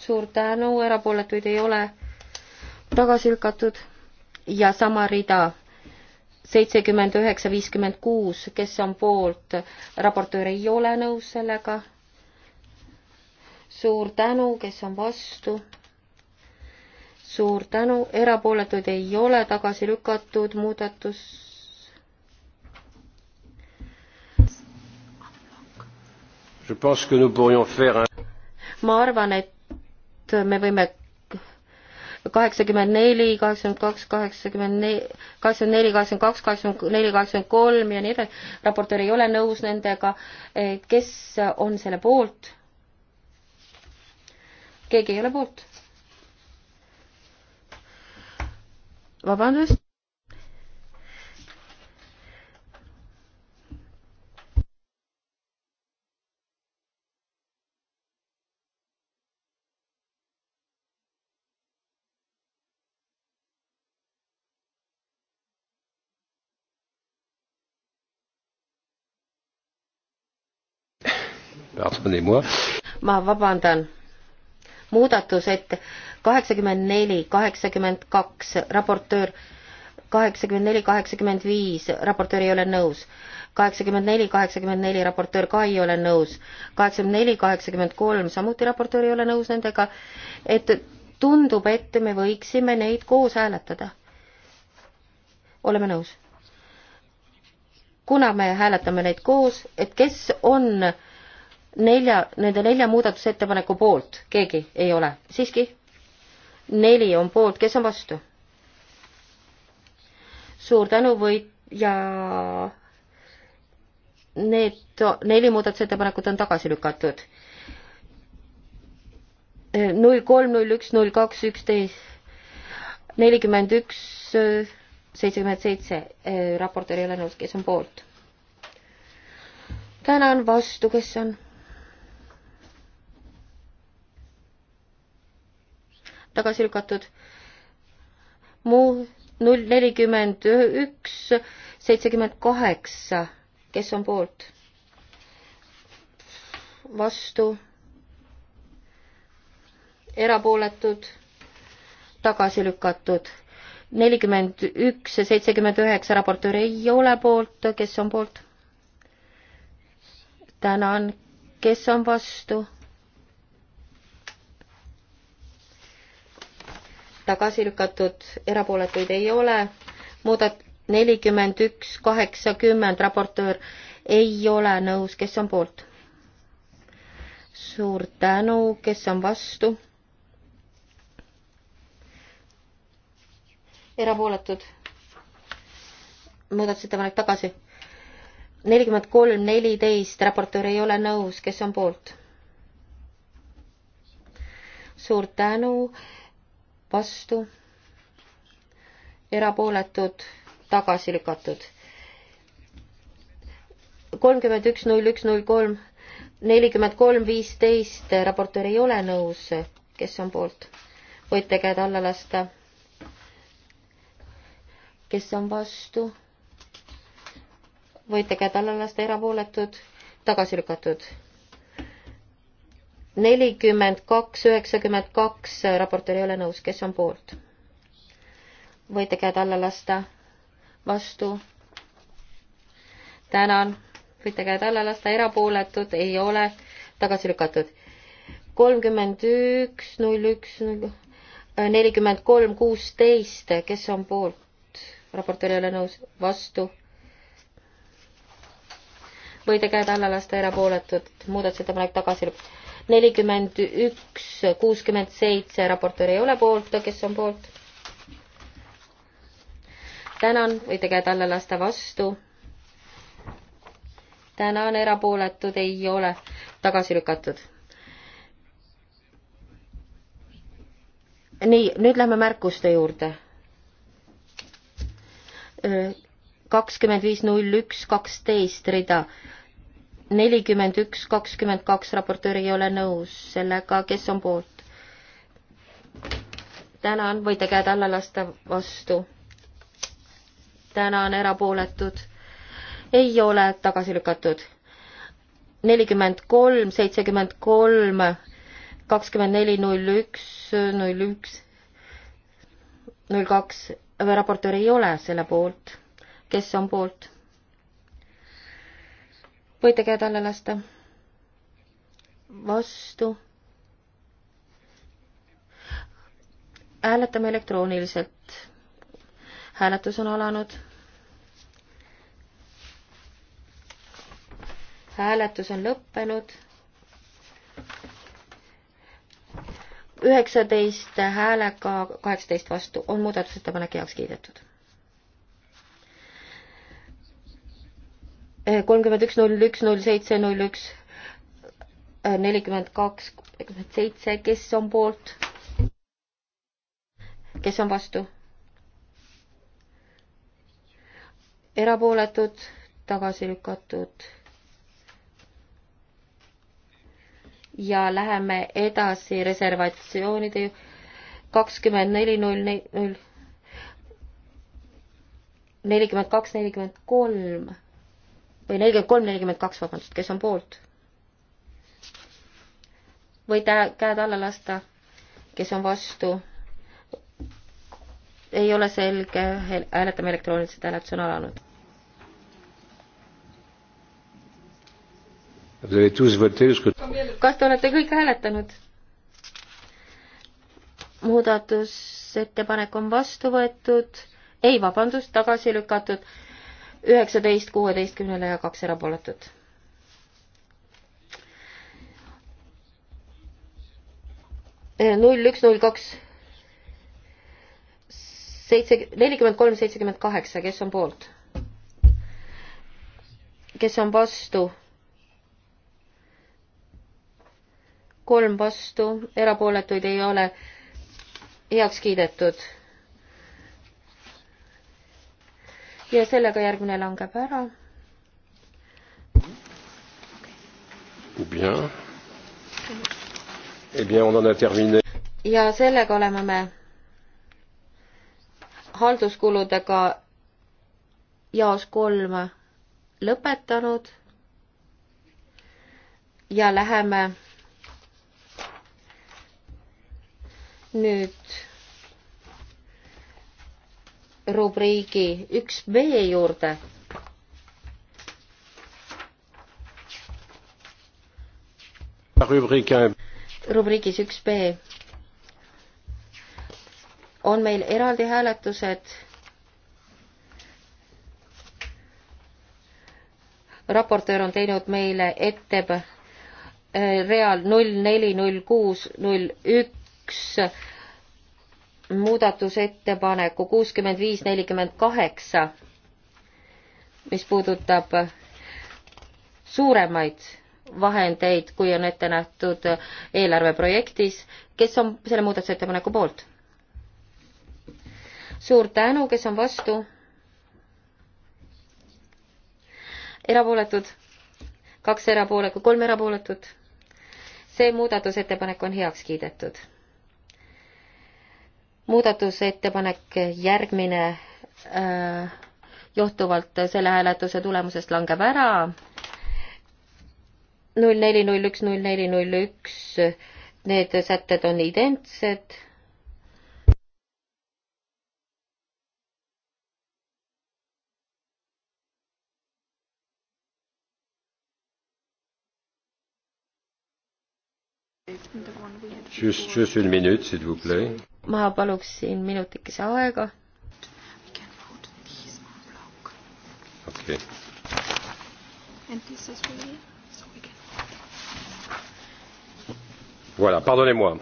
A: suur tänu, erapooletuid ei ole, tagasi lükatud ja sama rida seitsekümmend üheksa, viiskümmend kuus, kes on poolt, raportöör ei ole nõus sellega. suur tänu, kes on vastu. suur tänu, erapooletuid ei ole, tagasi lükatud muudatus. ma arvan, et me võime kaheksakümmend neli, kaheksakümmend kaks, kaheksakümmend neli, kaheksakümmend neli, kaheksakümmend kaks, kaheksakümmend neli, kaheksakümmend kolm ja nii edasi. raportöör ei ole nõus nendega. kes on selle poolt? keegi ei ole poolt? vabandust pardonnez-moi. ma vabandan. muudatused kaheksakümmend neli, kaheksakümmend kaks, raportöör kaheksakümmend neli, kaheksakümmend viis, raportöör ei ole nõus. kaheksakümmend neli, kaheksakümmend neli, raportöör ka ei ole nõus. kaheksakümmend neli, kaheksakümmend kolm, samuti raportöör ei ole nõus nendega. et tundub, et me võiksime neid koos hääletada. oleme nõus? kuna me hääletame neid koos, et kes on äh, nelja, nende nelja muudatusettepaneku poolt keegi ei ole, siiski? neli on poolt, kes on vastu? suur tänu või ja need neli muudatusettepanekut on tagasi lükatud. null kolm, null üks, null kaks, üksteist, nelikümmend üks, seitsekümmend seitse, raportöör ei ole nõus, kes on poolt? tänan, vastu, kes on? tagasi lükatud. muu null nelikümmend üks, seitsekümmend kaheksa, kes on poolt? vastu? erapooletud? tagasi lükatud? nelikümmend üks ja seitsekümmend üheksa raportöör ei ole poolt, kes on poolt? tänan, kes on vastu? tagasi lükatud, erapooletuid ei ole, muudat-, nelikümmend üks, kaheksakümmend, raportöör ei ole nõus, kes on poolt? suur tänu, kes on vastu? erapooletud? muudatusettepanek tagasi. nelikümmend kolm, neliteist, raportöör ei ole nõus, kes on poolt? suur tänu, vastu, erapooletud, tagasi lükatud. kolmkümmend üks, null üks, null kolm, nelikümmend kolm, viisteist, raportöör ei ole nõus, kes on poolt, võite käed alla lasta. kes on vastu, võite käed alla lasta, erapooletud, tagasi lükatud nelikümmend kaks, üheksakümmend kaks, raportöör ei ole nõus, kes on poolt? võite käed alla lasta. vastu. tänan. võite käed alla lasta, erapooletud ei ole, tagasi lükatud. kolmkümmend üks, null üks, null, äh, nelikümmend kolm, kuusteist, kes on poolt? raportöör ei ole nõus, vastu võite käed alla lasta, erapooletud, muudatusettepanek tagasi lükatud nelikümmend üks, kuuskümmend seitse, raportöör ei ole poolt, kes on poolt? tänan, võite käed alla lasta vastu. tänan, erapooletud ei ole, tagasi lükatud. nii, nüüd lähme märkuste juurde. kakskümmend viis, null üks, kaksteist rida nelikümmend üks, kakskümmend kaks, raportöör ei ole nõus sellega, kes on poolt? tänan, võite käed alla lasta, vastu. tänan, erapooletud. ei ole tagasi lükatud. nelikümmend kolm, seitsekümmend kolm, kakskümmend neli, null üks, null üks, null kaks, raportöör ei ole selle poolt. kes on poolt? võite käed alla lasta. vastu. hääletame elektrooniliselt. hääletus on alanud. hääletus on lõppenud. üheksateist häälega kaheksateist vastu on muudatusettepanek heaks kiidetud kolmkümmend üks, null üks, null seitse, null üks, nelikümmend kaks, kolmkümmend seitse, kes on poolt? kes on vastu? erapooletud, tagasi lükatud. ja läheme edasi reservatsioonide kakskümmend neli, null, null, nelikümmend kaks, nelikümmend kolm või nelikümmend kolm, nelikümmend kaks, vabandust, kes on poolt? võite käed alla lasta, kes on vastu. ei ole selge, hääletame elektrooniliselt, hääletus on alanud. kas te olete kõik hääletanud? muudatusettepanek on vastu võetud, ei, vabandust, tagasi lükatud üheksateist kuueteistkümnele ja kaks erapooletut. null üks, null kaks, seitse, nelikümmend kolm, seitsekümmend kaheksa, kes on poolt? kes on vastu? kolm vastu, erapooletuid ei ole heaks kiidetud ja sellega järgmine langeb ära. Eh ja sellega oleme me halduskuludega jaos kolm lõpetanud ja läheme nüüd rubriigi üks B juurde. rubriigis üks B on meil eraldi hääletused raportöör on teinud meile ette äh, real null neli null kuus null üks muudatusettepaneku kuuskümmend viis nelikümmend kaheksa, mis puudutab suuremaid vahendeid, kui on ette nähtud eelarveprojektis. kes on selle muudatusettepaneku poolt? suur tänu, kes on vastu? erapooletud? kaks erapooletut, kolm erapooletut? see muudatusettepanek on heaks kiidetud muudatusettepanek järgmine äh, johtuvalt selle hääletuse tulemusest langeb ära. null neli, null üks, null neli, null üks, need sätted on identsed.
C: Just, just une minute, s'il vous plaît
A: ma paluksin minutikese aega. okei
C: okay.. Voilà, pardonnez-moi.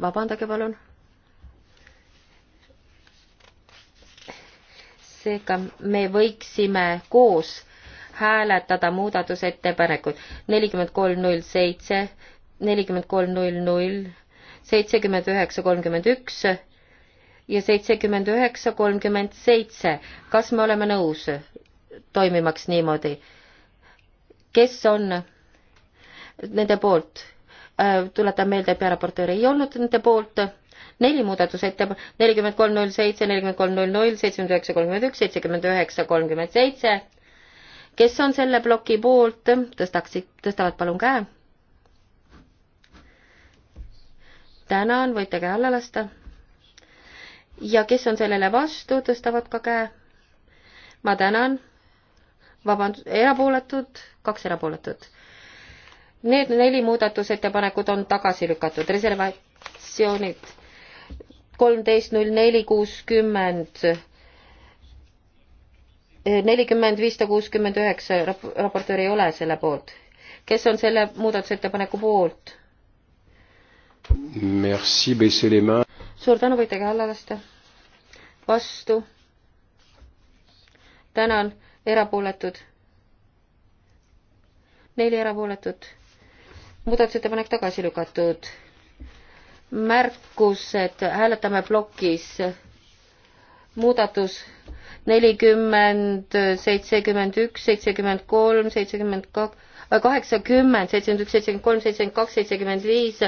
A: vabandage palun. seega me võiksime koos hääletada muudatusettepanekut nelikümmend kolm null seitse, nelikümmend kolm null null seitsekümmend üheksa, kolmkümmend üks ja seitsekümmend üheksa, kolmkümmend seitse. kas me oleme nõus toimimaks niimoodi? kes on nende poolt? Äh, tuletan meelde, et pearaportöör ei olnud nende poolt. neli muudatusettepanek, nelikümmend kolm, null seitse, nelikümmend kolm, null null, seitsekümmend üheksa, kolmkümmend üks, seitsekümmend üheksa, kolmkümmend seitse. kes on selle ploki poolt, tõstaksid, tõstavad palun käe tänan, võite käe alla lasta. ja kes on sellele vastu, tõstavad ka käe. ma tänan. vabandust, erapooletud, kaks erapooletut. Need neli muudatusettepanekut on tagasi lükatud, reservatsioonid kolmteist, null neli, kuuskümmend, nelikümmend, viissada kuuskümmend üheksa, raportöör ei ole selle poolt. kes on selle muudatusettepaneku poolt? suur tänu, võite käe alla lasta. vastu. tänan, erapooletud. neli erapooletut. muudatusettepanek tagasi lükatud. märkused, hääletame plokis. muudatus nelikümmend, seitsekümmend üks, seitsekümmend kolm, seitsekümmend kaks, äh, kaheksakümmend, seitsekümmend üks, seitsekümmend kolm, seitsekümmend kaks, seitsekümmend viis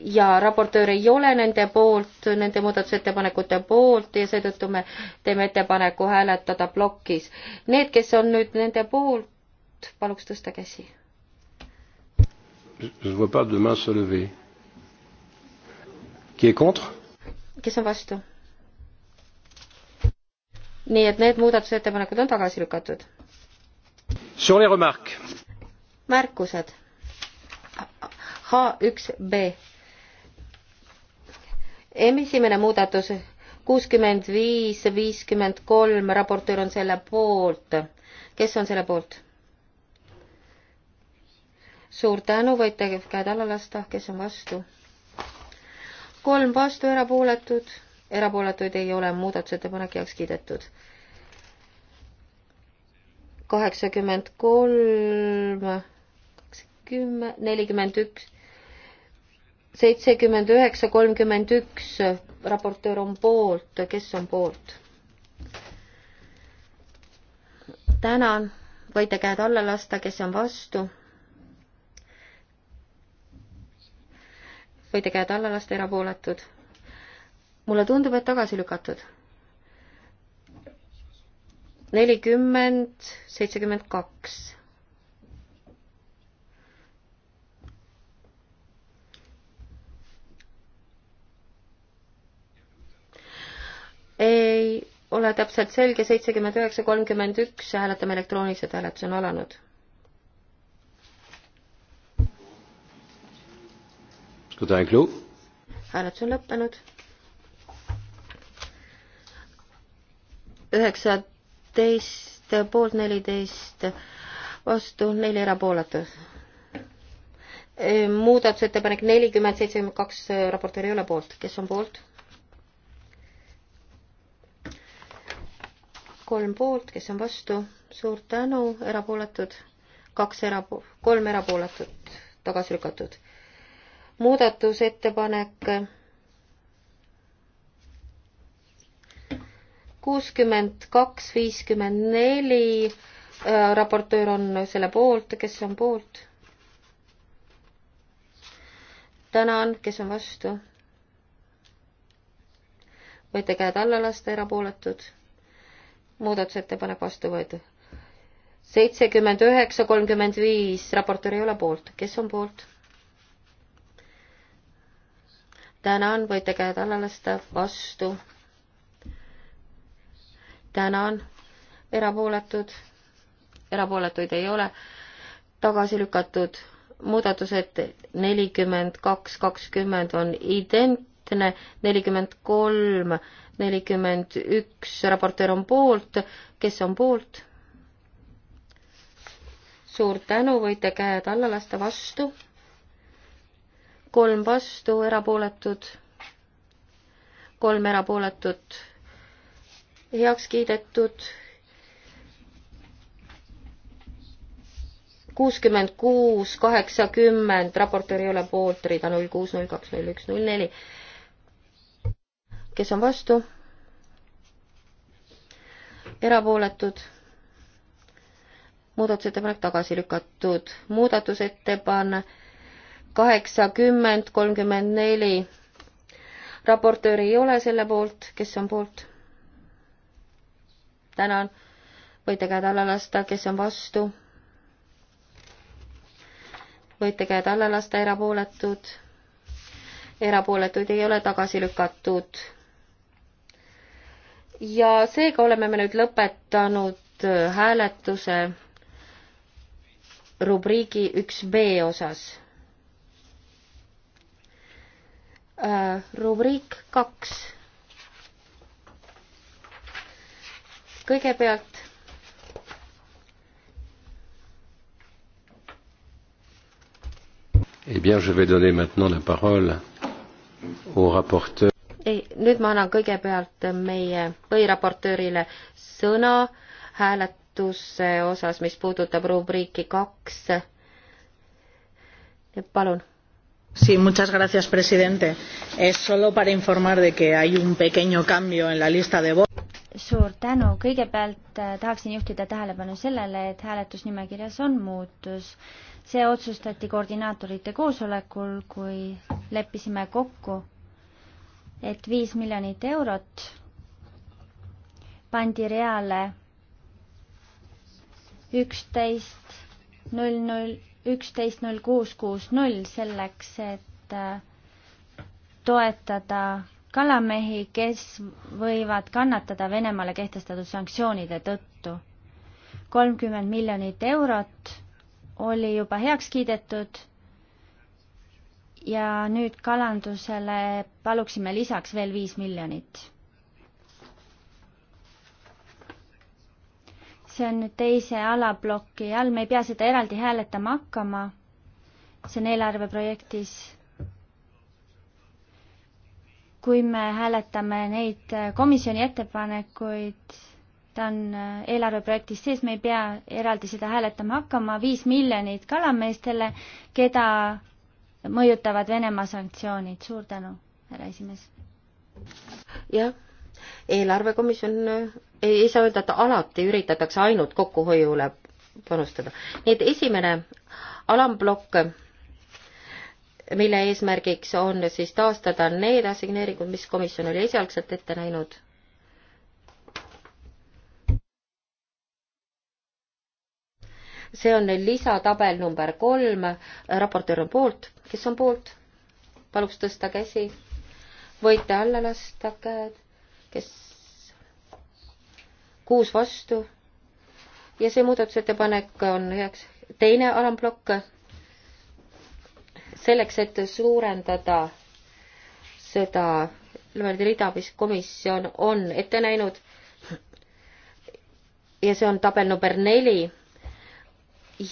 A: ja raportöör ei ole nende poolt, nende muudatusettepanekute poolt ja seetõttu me teeme ettepaneku hääletada plokis. Need, kes on nüüd nende poolt, paluks tõsta käsi. kes on vastu? nii et need muudatusettepanekud on tagasi lükatud. märkused H1B esimene muudatus, kuuskümmend viis, viiskümmend kolm, raportöör on selle poolt. kes on selle poolt? suur tänu, võite käed alla lasta, kes on vastu? kolm vastu, erapooletud, erapooletuid ei ole, muudatusettepanek heaks kiidetud. kaheksakümmend kolm, kakskümmend, nelikümmend üks seitsekümmend üheksa, kolmkümmend üks, raportöör on poolt, kes on poolt? tänan, võite käed alla lasta, kes on vastu. võite käed alla lasta, erapooletud. mulle tundub, et tagasi lükatud. nelikümmend, seitsekümmend kaks ei ole täpselt selge, seitsekümmend üheksa, kolmkümmend üks, hääletame elektrooniliselt, hääletus on alanud. hääletus on lõppenud. üheksateist poolt neliteist, vastu neli erapooletut. muudatusettepanek nelikümmend, seitsekümmend kaks, raportöör ei ole poolt, kes on poolt? kolm poolt, kes on vastu, suur tänu, erapooletud, kaks erapo-, kolm erapooletut, tagasi lükatud. muudatusettepanek kuuskümmend kaks, viiskümmend neli, äh, raportöör on selle poolt, kes on poolt? tänan, kes on vastu? võite käed alla lasta, erapooletud muudatusettepanek vastu võetud. seitsekümmend üheksa, kolmkümmend viis, raportöör ei ole poolt, kes on poolt? tänan, võite käed alla lasta, vastu. tänan, erapooletud, erapooletuid ei ole, tagasi lükatud, muudatused nelikümmend kaks, kakskümmend on identne, nelikümmend kolm nelikümmend üks, raportöör on poolt, kes on poolt? suur tänu, võite käed alla lasta, vastu. kolm vastu, erapooletud. kolm erapooletut heaks kiidetud. kuuskümmend kuus, kaheksakümmend, raportöör ei ole poolt, rida null kuus, null kaks, null üks, null neli kes on vastu? erapooletud? muudatusettepanek tagasi lükatud. muudatusettepanek kaheksakümmend, kolmkümmend neli. raportööri ei ole selle poolt, kes on poolt? tänan. võite käed alla lasta, kes on vastu? võite käed alla lasta, erapooletud? erapooletuid ei ole tagasi lükatud ja seega oleme me nüüd lõpetanud äh, hääletuse rubriigi üks B osas. Äh, rubriik kaks. kõigepealt
C: Eh bien, je vais donner maintenant la parole au rapporteur
A: ei, nüüd ma annan kõigepealt meie põhiraportöörile sõna hääletuse osas, mis puudutab rubriiki kaks.
C: palun. Sí, muchas gracias, presidente. Es solo para informar de que hay un pequeño cambio en la lista de votos.
B: suur tänu, kõigepealt äh, tahaksin juhtida tähelepanu sellele, et hääletusnimekirjas on muutus see otsustati koordinaatorite koosolekul, kui leppisime kokku, et viis miljonit eurot pandi reale üksteist null null, üksteist null kuus kuus null selleks, et äh, toetada kalamehi, kes võivad kannatada Venemaale kehtestatud sanktsioonide tõttu. kolmkümmend miljonit eurot oli juba heaks kiidetud ja nüüd kalandusele paluksime lisaks veel viis miljonit. see on nüüd teise alabloki all, me ei pea seda eraldi hääletama hakkama. see on eelarveprojektis. kui me hääletame neid komisjoni ettepanekuid, ta on eelarveprojektis sees, me ei pea eraldi seda hääletama hakkama, viis miljonit kalameestele, keda mõjutavad Venemaa sanktsioonid. suur tänu, härra esimees.
A: jah, eelarvekomisjon äh, ei saa öelda, et alati üritatakse ainult kokkuhoiule panustada. nii et esimene alamplokk, mille eesmärgiks on siis taastada need assigneeringud, mis komisjon oli esialgselt ette näinud see on lisatabel number kolm, raportöör on poolt, kes on poolt? paluks tõsta käsi. võite alla lasta käed, kes? kuus vastu. ja see muudatusettepanek on heaks, teine alamplokk. selleks, et suurendada seda rida, mis komisjon on ette näinud. ja see on tabel number neli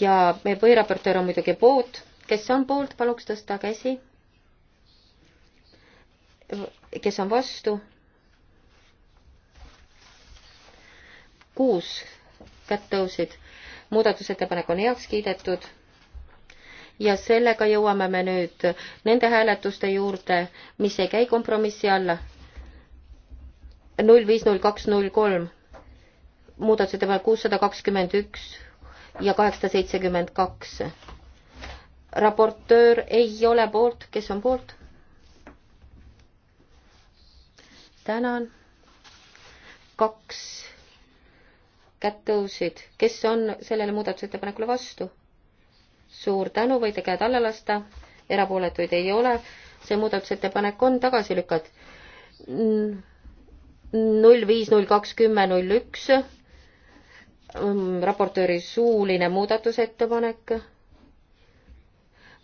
A: ja meie põhiraportöör on muidugi poolt, kes on poolt, paluks tõsta käsi. kes on vastu? kuus kätt tõusid, muudatusettepanek on heaks kiidetud ja sellega jõuame me nüüd nende hääletuste juurde, mis ei käi kompromissi alla. null viis, null kaks, null kolm, muudatusettepanek kuussada kakskümmend üks ja kaheksasada seitsekümmend kaks. raportöör ei ole poolt, kes on poolt? tänan. kaks kätt tõusid, kes on sellele muudatusettepanekule vastu? suur tänu, võite käed alla lasta, erapooletuid ei ole, see muudatusettepanek on tagasi lükatud. null viis, null kaks, kümme, null üks raportööri suuline muudatusettepanek,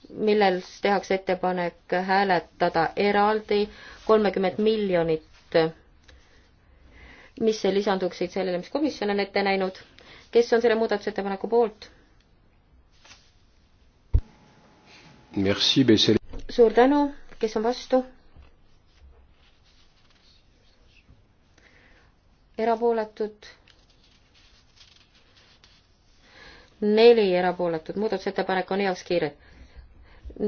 A: milles tehakse ettepanek hääletada eraldi kolmekümmet miljonit, mis lisanduksid sellele, mis komisjon on ette näinud. kes on selle muudatusettepaneku poolt? suur tänu, kes on vastu? erapooletud neli erapooletut, muudatusettepanek on heaks kiire.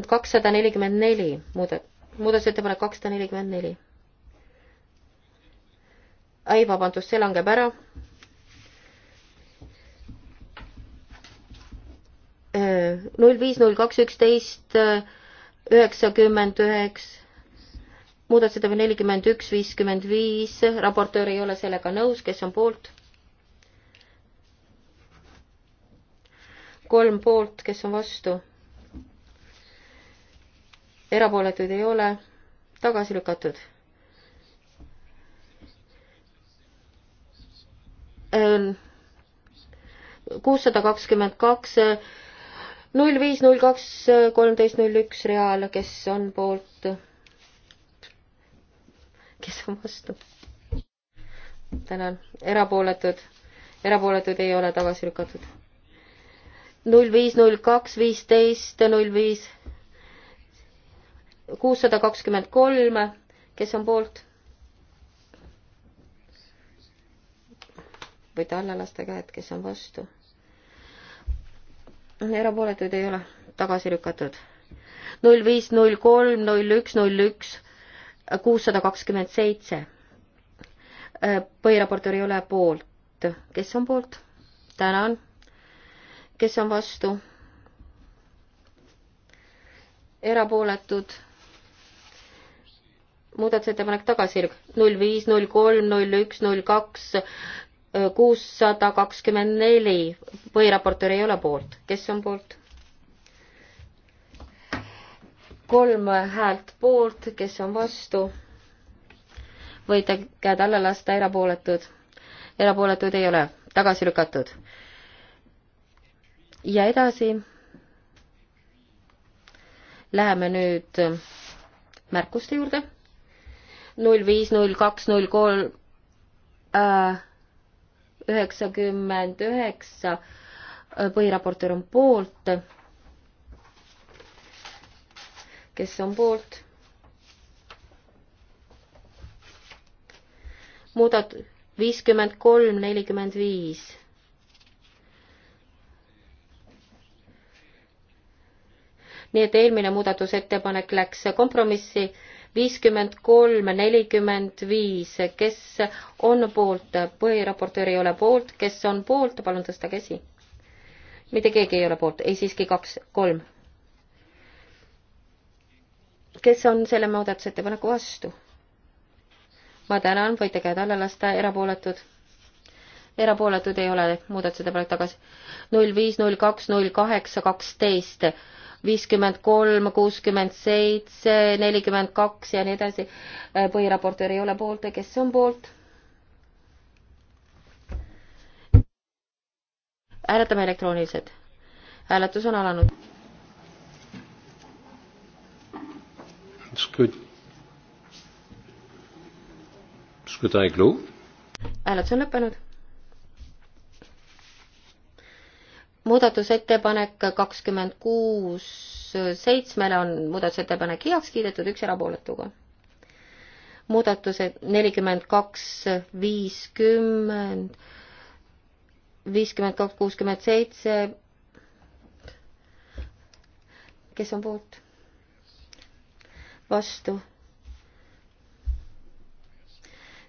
A: kakssada nelikümmend neli muuda-, muudatusettepanek kakssada nelikümmend neli. ei, vabandust, see langeb ära. null viis, null kaks, üksteist, üheksakümmend üheksa muudatusettepanek nelikümmend üks, viiskümmend viis, raportöör ei ole sellega nõus, kes on poolt? kolm poolt, kes on vastu, erapooletuid ei ole, tagasi lükatud. Äh, kuussada kakskümmend kaks, äh, null viis, null kaks, äh, kolmteist, null üks real, kes on poolt, kes on vastu. tänan, erapooletud, erapooletuid ei ole tagasi lükatud null viis, null kaks, viisteist, null viis, kuussada kakskümmend kolm, kes on poolt? võite alla lasta käed, kes on vastu. erapooletuid ei ole, tagasi lükatud. null viis, null kolm, null üks, null üks, kuussada kakskümmend seitse. põhiraportöör ei ole poolt, kes on poolt? tänan kes on vastu? erapooletud. muudatusettepanek tagasi null viis, null kolm, null üks, null kaks, kuussada kakskümmend neli. põhiraportöör ei ole poolt, kes on poolt? kolm häält poolt, kes on vastu? võite käed alla lasta, erapooletud. erapooletud ei ole, tagasi lükatud ja edasi läheme nüüd märkuste juurde. null viis, null kaks, null kolm, äh, üheksakümmend üheksa, äh, põhiraportöör on poolt. kes on poolt? muudat-, viiskümmend kolm, nelikümmend viis nii et eelmine muudatusettepanek läks kompromissi viiskümmend kolm, nelikümmend viis, kes on poolt, põhiraportöör ei ole poolt, kes on poolt, palun tõsta käsi. mitte keegi ei ole poolt, ei siiski kaks, kolm. kes on selle muudatusettepaneku vastu? ma tänan, võite käed alla lasta, erapooletud erapooletud ei ole muudatusettepanek tagasi. null viis, null kaks, null kaheksa, kaksteist viiskümmend kolm, kuuskümmend seitse, nelikümmend kaks ja nii edasi. põhiraportöör ei ole poolt ja kes on poolt? hääletame elektrooniliselt. hääletus on alanud. hääletus on lõppenud muudatusettepanek kakskümmend kuus seitsmele on muudatusettepanek heaks kiidetud üks erapooletuga. muudatused nelikümmend kaks, viiskümmend, viiskümmend kaks, kuuskümmend seitse. kes on poolt? vastu?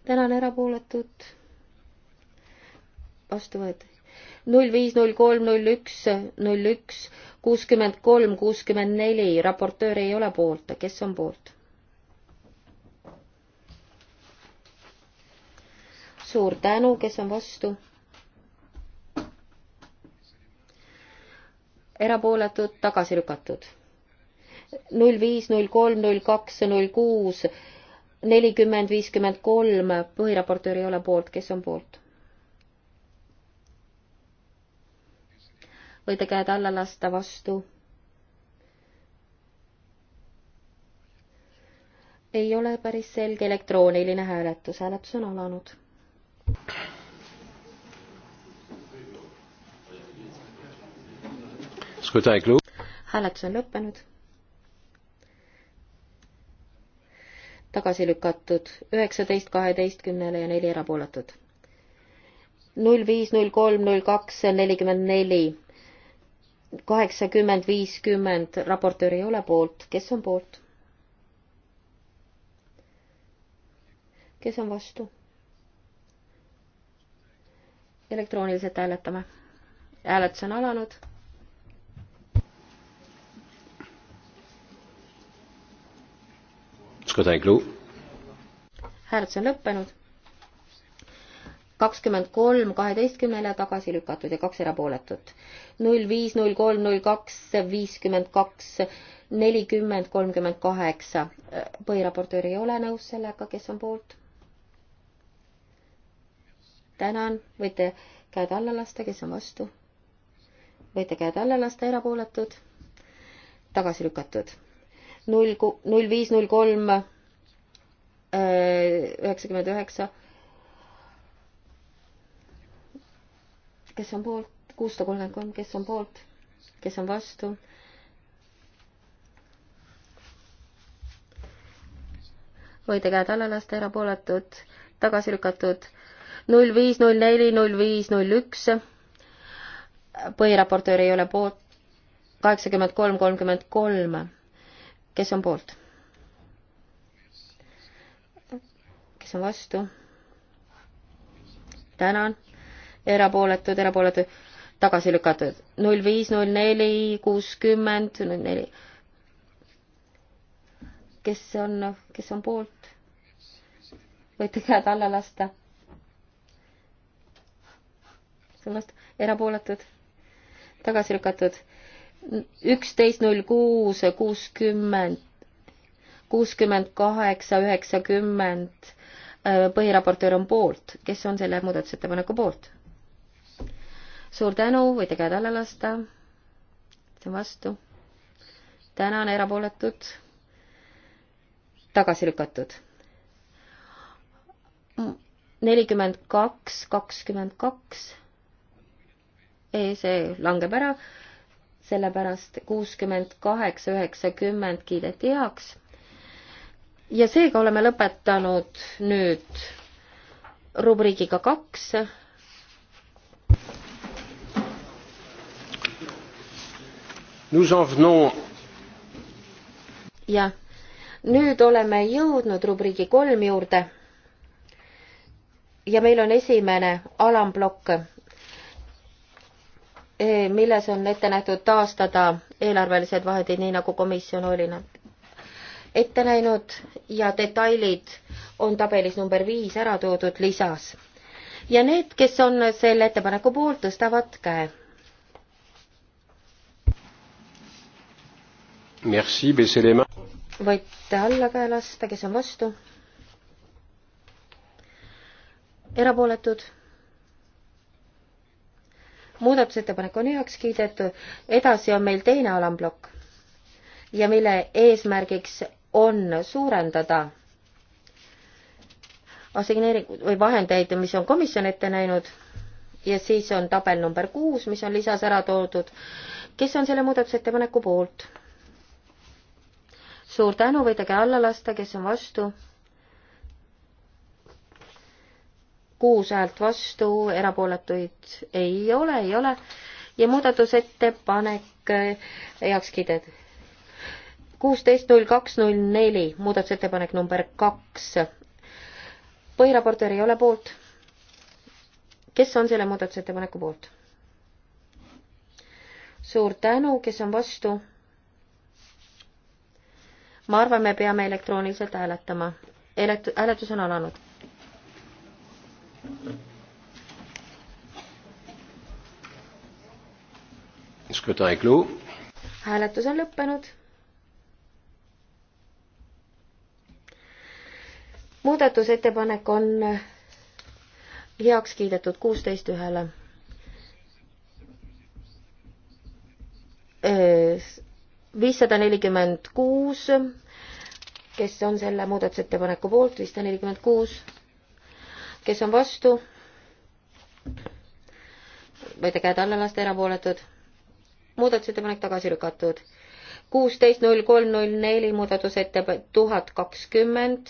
A: tänan erapooletud. vastu võetud null viis, null kolm, null üks, null üks, kuuskümmend kolm, kuuskümmend neli, raportöör ei ole poolt, kes on poolt? suur tänu, kes on vastu? erapooletud, tagasi lükatud. null viis, null kolm, null kaks, null kuus, nelikümmend, viiskümmend kolm, põhiraportöör ei ole poolt, kes on poolt? võite käed alla lasta vastu. ei ole päris selge elektrooniline hääletus, hääletus on alanud. hääletus on lõppenud. tagasi lükatud üheksateist kaheteistkümnele ja neli erapooletut null viis, null kolm, null kaks, nelikümmend neli kaheksakümmend, viiskümmend, raportöör ei ole poolt, kes on poolt? kes on vastu? elektrooniliselt hääletame. hääletus on alanud. hääletus on lõppenud kakskümmend kolm kaheteistkümnele tagasi lükatud ja kaks erapooletut. null viis, null kolm, null kaks, viiskümmend kaks, nelikümmend, kolmkümmend kaheksa. põhiraportöör ei ole nõus sellega, kes on poolt? tänan, võite käed alla lasta, kes on vastu? võite käed alla lasta, erapooletud? tagasi lükatud. null, null viis, null kolm, äh, üheksakümmend üheksa kes on poolt, kuussada kolmkümmend kolm, kes on poolt, kes on vastu. hoida käed alla, lasta erapooletud, tagasi lükatud null viis, null neli, null viis, null üks. põhiraportöör ei ole poolt, kaheksakümmend kolm, kolmkümmend kolm. kes on poolt? kes on vastu? tänan erapooletud, erapooletud, tagasi lükatud. null viis, null neli, kuuskümmend, null neli. kes on, kes on poolt? võite käed alla lasta. sellest, erapooletud, tagasi lükatud. üksteist, null kuus, kuuskümmend, kuuskümmend kaheksa, üheksakümmend äh, põhiraportöör on poolt, kes on selle muudatusettepaneku poolt? suur tänu, võite käed alla lasta. see on vastu. tänan, erapooletud. tagasi lükatud. nelikümmend kaks, kakskümmend kaks. ei, see langeb ära. sellepärast kuuskümmend kaheksa, üheksakümmend kiideti heaks. ja seega oleme lõpetanud nüüd rubriigiga kaks
C: Nous en venons
A: jah, nüüd oleme jõudnud rubriigi kolm juurde. ja meil on esimene alamplokk, e, milles on ette nähtud taastada eelarvelised vahendid, nii nagu komisjon oli nad ette näinud ja detailid on tabelis number viis ära toodud lisas. ja need, kes on selle ettepaneku poolt, tõstavad käe
C: võite
A: alla käe lasta, kes on vastu. erapooletud. muudatusettepanek on heaks kiidetud. edasi on meil teine alamplokk ja mille eesmärgiks on suurendada assigneeringuid või vahendeid, mis on komisjon ette näinud ja siis on tabel number kuus, mis on lisas ära toodud. kes on selle muudatusettepaneku poolt? suur tänu, võite käe alla lasta, kes on vastu. kuus häält vastu, erapooletuid ei ole, ei ole ja muudatusettepanek eh, heaks kiided. kuusteist null kaks null neli, muudatusettepanek number kaks. põhiraportöör ei ole poolt. kes on selle muudatusettepaneku poolt? suur tänu, kes on vastu? ma arvan, me peame elektrooniliselt hääletama. Elekt-, hääletus on alanud. hääletus on lõppenud. muudatusettepanek on heaks kiidetud kuusteist ühele. viissada nelikümmend kuus kes on selle muudatusettepaneku poolt, viissada nelikümmend kuus, kes on vastu, võite käed alla lasta, erapooletud, muudatusettepanek tagasi lükatud, kuusteist null kolm null neli muudatusettepanek tuhat kakskümmend,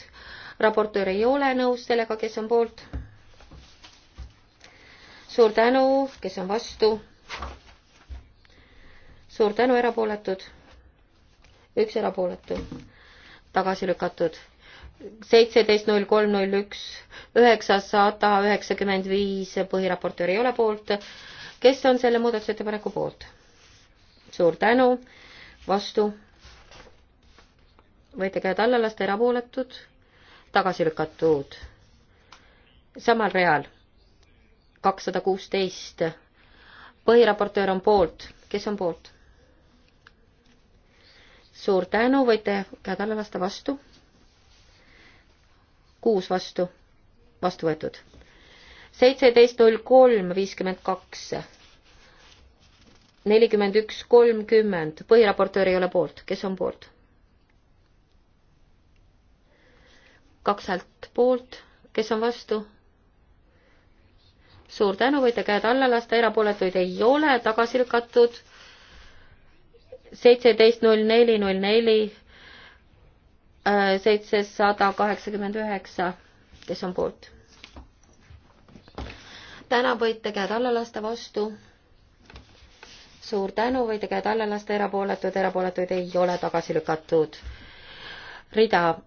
A: raportöör ei ole nõus sellega, kes on poolt. suur tänu, kes on vastu. suur tänu, erapooletud. üks erapooletu tagasi lükatud. seitseteist, null kolm, null üks, üheksasada üheksakümmend viis, põhiraportöör ei ole poolt. kes on selle muudatusettepaneku poolt? suur tänu, vastu. võite käed alla lasta, erapooletud, tagasi lükatud. samal real, kakssada kuusteist, põhiraportöör on poolt, kes on poolt? suur tänu, võite käed alla lasta vastu. kuus vastu, vastu võetud. seitseteist null kolm viiskümmend kaks. nelikümmend üks kolmkümmend, põhiraportöör ei ole poolt, kes on poolt? kaks häält poolt, kes on vastu? suur tänu, võite käed alla lasta, erapooletuid ei ole, tagasi lükatud seitseteist null neli null neli äh, seitsesada kaheksakümmend üheksa, kes on poolt. täna võite käed alla lasta vastu. suur tänu, võite käed alla lasta, erapooletud, erapooletuid ei ole tagasi lükatud. rida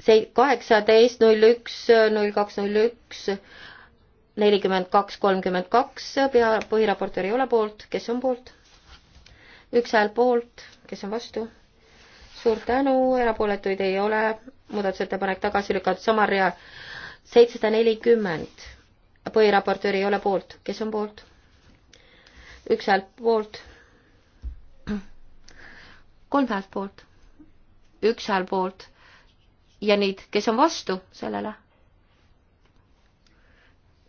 A: see kaheksateist null üks null kaks null üks nelikümmend kaks kolmkümmend kaks pea, põhiraportööri ei ole poolt, kes on poolt üks hääl poolt, kes on vastu? suur tänu, erapooletuid ei ole, muudatusettepanek tagasi lükatud, sama rea seitsesada nelikümmend. põhiraportöör ei ole poolt, kes on poolt? üks hääl poolt. kolm häält poolt. üks hääl poolt. ja nüüd, kes on vastu sellele?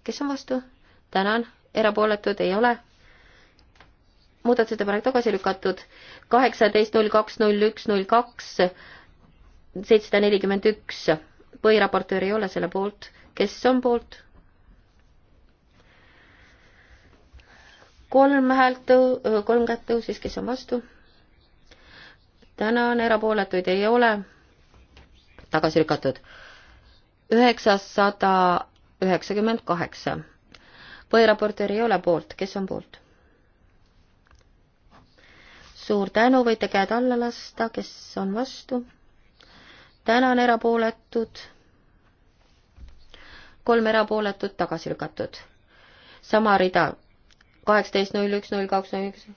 A: kes on vastu? tänan, erapooletud ei ole muudatusettepanek tagasi lükatud, kaheksateist null kaks null üks null kaks, seitsesada nelikümmend üks. põhiraportöör ei ole selle poolt, kes on poolt? kolm häält tõu-, kolm kätt tõusis, kes on vastu? tänan, erapooletuid ei ole. tagasi lükatud. üheksasada üheksakümmend kaheksa. põhiraportöör ei ole poolt, kes on poolt? suur tänu, võite käed alla lasta, kes on vastu. tänan, erapooletud. kolm erapooletut tagasi lükatud. sama rida, kaheksateist, null üks, null kaks, null üks,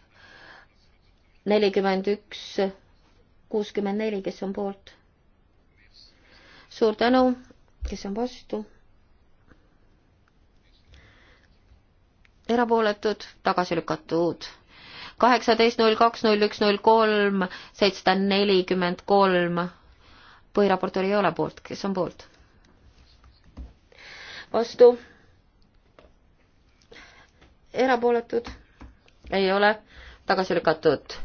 A: nelikümmend üks, kuuskümmend neli, kes on poolt. suur tänu, kes on vastu. erapooletud, tagasi lükatud kaheksateist, null kaks, null üks, null kolm, seitsesada nelikümmend kolm. põhiraportöör ei ole poolt, kes on poolt? vastu? erapooletud? ei ole, tagasi lükatud.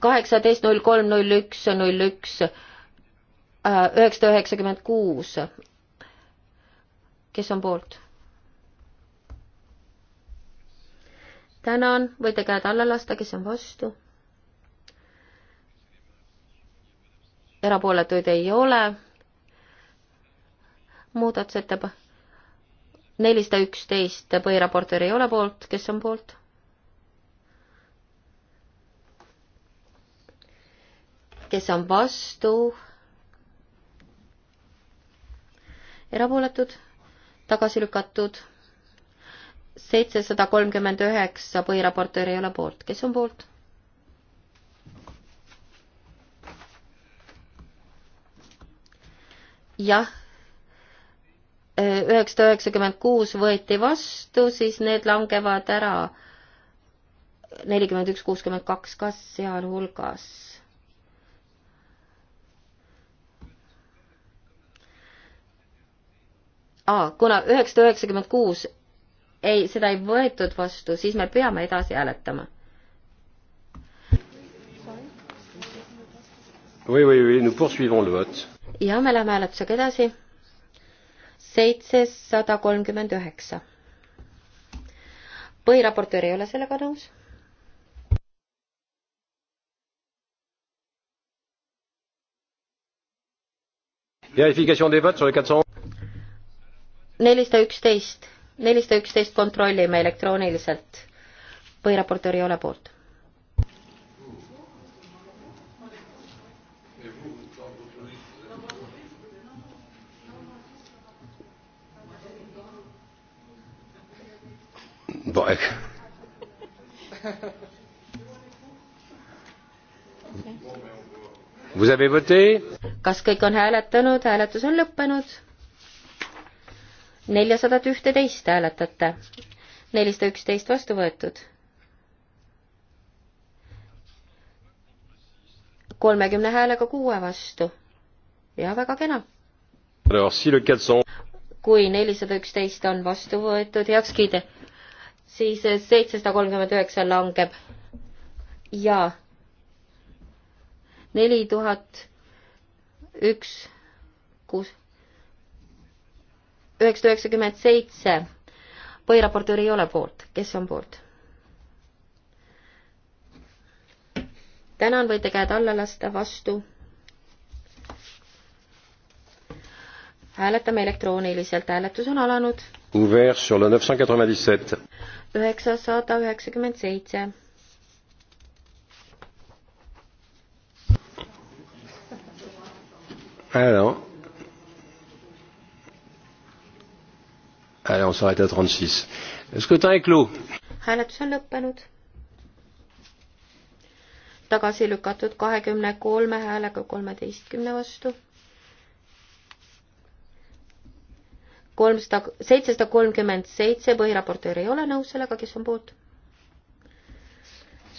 A: kaheksateist, null kolm, null üks, null üks, äh, üheksasada üheksakümmend kuus. kes on poolt? tänan, võite käed alla lasta, kes on vastu. erapooletuid ei ole. muudatusettepanek nelisada üksteist põhiraportööri ei ole poolt, kes on poolt? kes on vastu? erapooletud, tagasi lükatud seitsesada kolmkümmend üheksa põhiraportöör ei ole poolt, kes on poolt? jah, üheksasada üheksakümmend kuus võeti vastu, siis need langevad ära nelikümmend üks, kuuskümmend kaks ka sealhulgas. kuna üheksasada üheksakümmend kuus ei, seda ei võetud vastu, siis me peame edasi hääletama. ja me läheme hääletusega edasi. seitsesada kolmkümmend üheksa. põhiraportöör ei ole sellega nõus
C: vérification des votes sur le
A: 411 nelisada üksteist kontrollime elektrooniliselt. põhiraportöör ei ole poolt.
C: Poeg. Vous avez voté?
A: kas kõik on hääletanud, hääletus on lõppenud neljasadat ühteteist hääletate. nelisada üksteist vastu võetud. kolmekümne häälega kuue vastu. ja väga kena. kui nelisada üksteist on vastu võetud heakskiide, siis seitsesada kolmkümmend üheksa langeb ja neli tuhat üks kuus üheksasada üheksakümmend seitse, põhiraportöör ei ole poolt, kes on poolt? tänan, võite käed alla lasta, vastu. hääletame elektrooniliselt, hääletus on alanud. üheksasada üheksakümmend seitse.
C: Alors, on s'arrête à 36. Scrutin est clos.
A: hääletus on lõppenud. tagasi lükatud kahekümne kolme häälega kolmeteistkümne vastu. kolmsada, seitsesada kolmkümmend seitse, põhiraportöör ei ole nõus sellega, kes on poolt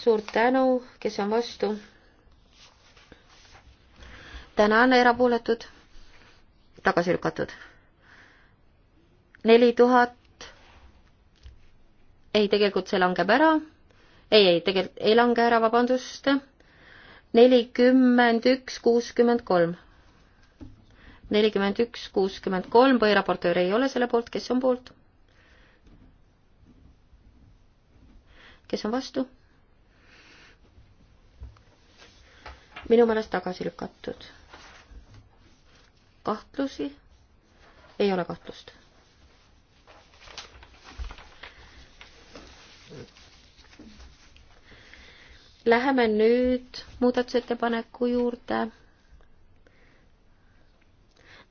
A: suur tänu, kes on vastu. tänan, erapooletud, tagasi lükatud neli tuhat, ei, tegelikult see langeb ära, ei, ei, tegelikult ei lange ära, vabandust, nelikümmend üks, kuuskümmend kolm. nelikümmend üks, kuuskümmend kolm, põhiraportöör ei ole selle poolt, kes on poolt? kes on vastu? minu meelest tagasi lükatud. kahtlusi? ei ole kahtlust Läheme nüüd muudatusettepaneku juurde.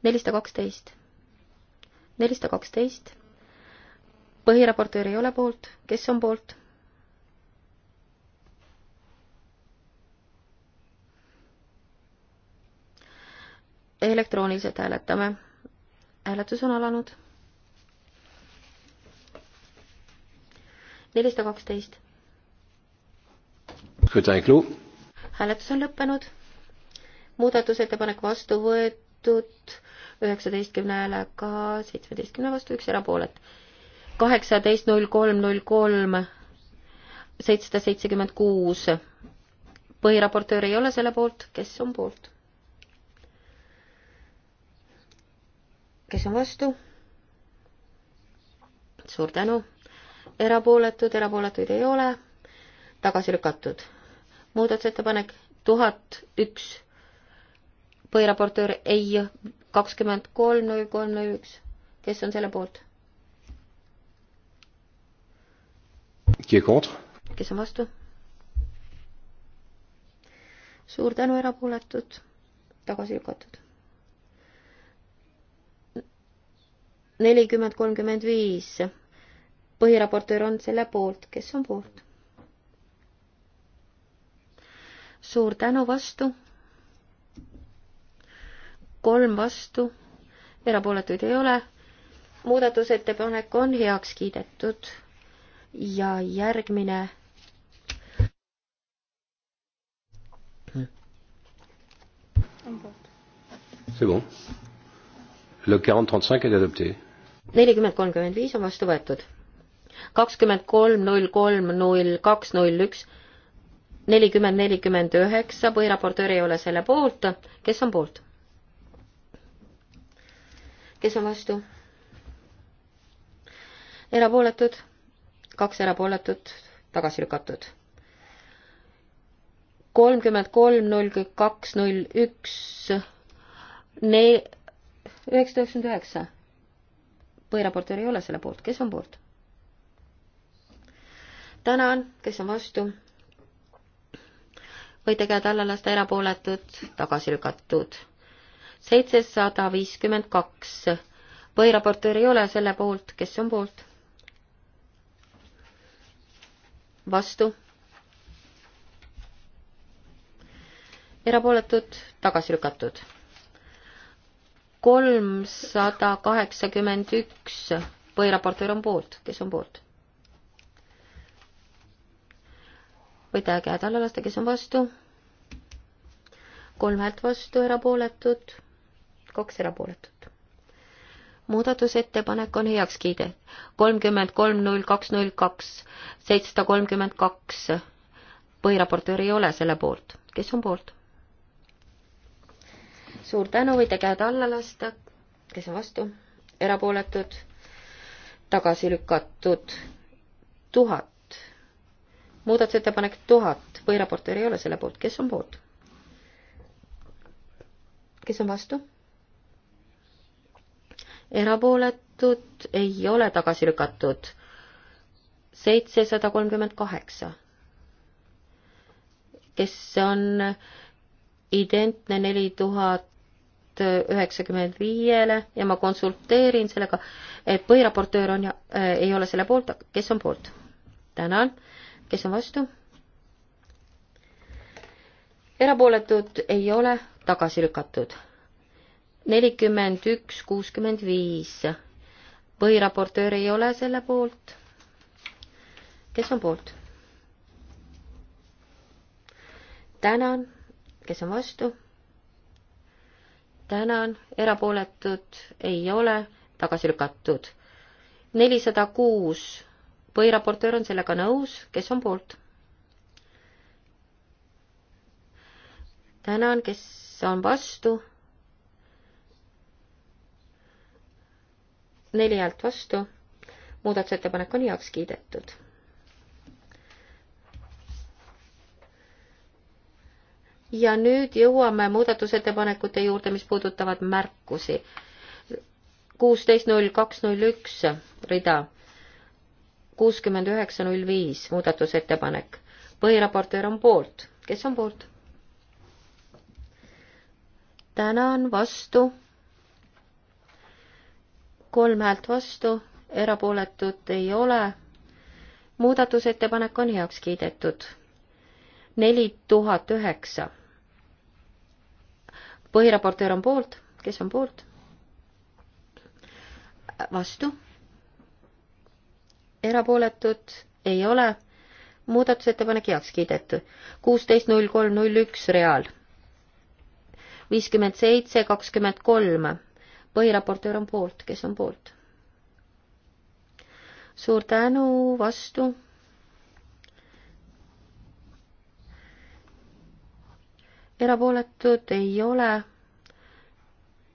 A: nelisada kaksteist, nelisada kaksteist. põhiraportöör ei ole poolt, kes on poolt? elektrooniliselt hääletame. hääletus on alanud nelisada kaksteist. hääletus on lõppenud. muudatusettepanek vastu võetud üheksateistkümne häälega, seitsmeteistkümne vastu, üks erapooletu. kaheksateist null kolm null kolm, seitsesada seitsekümmend kuus. põhiraportöör ei ole selle poolt, kes on poolt? kes on vastu? suur tänu erapooletud, erapooletuid ei ole, tagasi lükatud. muudatusettepanek tuhat üks, põhiraportöör ei, kakskümmend kolm, null kolm, null üks, kes on selle poolt?
C: kes
A: on vastu? suur tänu, erapooletud, tagasi lükatud. nelikümmend, kolmkümmend viis põhiraportöör on selle poolt, kes on poolt? suur tänu vastu. kolm vastu, erapooletuid ei ole. muudatusettepanek on heaks kiidetud ja järgmine
C: C'est bon. Le 40-35 est adopté.
A: 40-35 on vastu võetud kakskümmend kolm, null kolm, null kaks, null üks, nelikümmend, nelikümmend üheksa, põhiraportöör ei ole selle poolt, kes on poolt? kes on vastu? erapooletud, kaks erapooletut, tagasi lükatud. kolmkümmend kolm, null kaks, null üks, ne-, üheksasada üheksakümmend üheksa. põhiraportöör ei ole selle poolt, kes on poolt? tänan, kes on vastu? võite käed alla lasta, erapooletud, tagasi lükatud. seitsesada viiskümmend kaks. põhiraportöör ei ole selle poolt, kes on poolt? vastu? erapooletud, tagasi lükatud kolmsada kaheksakümmend üks põhiraportöör on poolt, kes on poolt? võite käed alla lasta, kes on vastu. kolm häält vastu, erapooletud, kaks erapooletut. muudatusettepanek on heaks kiidet. kolmkümmend kolm null kaks null kaks, seitsesada kolmkümmend kaks. põhiraportöör ei ole selle poolt, kes on poolt? suur tänu, võite käed alla lasta, kes on vastu, erapooletud, tagasi lükatud, tuhat muudatusettepanek tuhat, põhiraportöör ei ole selle poolt, kes on poolt? kes on vastu? erapooletud ei ole tagasi lükatud. seitsesada kolmkümmend kaheksa. kes on identne neli tuhat üheksakümmend viiele ja ma konsulteerin sellega, et põhiraportöör on ja äh, ei ole selle poolt, kes on poolt? tänan kes on vastu? erapooletud ei ole, tagasi lükatud. nelikümmend üks, kuuskümmend viis. põhiraportöör ei ole selle poolt. kes on poolt? tänan, kes on vastu? tänan, erapooletud ei ole, tagasi lükatud. nelisada kuus või raportöör on sellega nõus, kes on poolt? tänan, kes on vastu? neli häält vastu. muudatusettepanek on heaks kiidetud. ja nüüd jõuame muudatusettepanekute juurde, mis puudutavad märkusi. kuusteist null kaks null üks rida kuuskümmend üheksa null viis muudatusettepanek. põhiraportöör on poolt, kes on poolt? tänan, vastu. kolm häält vastu, erapooletut ei ole. muudatusettepanek on heaks kiidetud. neli tuhat üheksa. põhiraportöör on poolt, kes on poolt? vastu erapooletud ei ole, muudatusettepanek heaks kiidetud. kuusteist null kolm null üks reaal. viiskümmend seitse kakskümmend kolm. põhiraportöör on poolt, kes on poolt? suur tänu, vastu. erapooletud ei ole.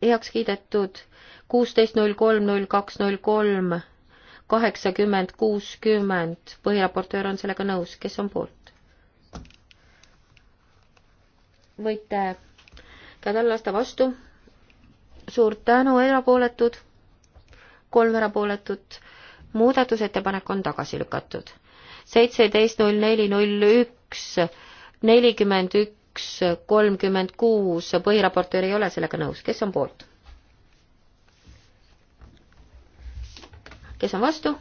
A: heaks kiidetud kuusteist null kolm null kaks null kolm kaheksakümmend, kuuskümmend, põhiraportöör on sellega nõus, kes on poolt? võite käed alla lasta vastu. suur tänu, erapooletud, kolm erapooletut. muudatusettepanek on tagasi lükatud. seitseteist, null neli, null üks, nelikümmend üks, kolmkümmend kuus, põhiraportöör ei ole sellega nõus, kes on poolt? kes on vastu?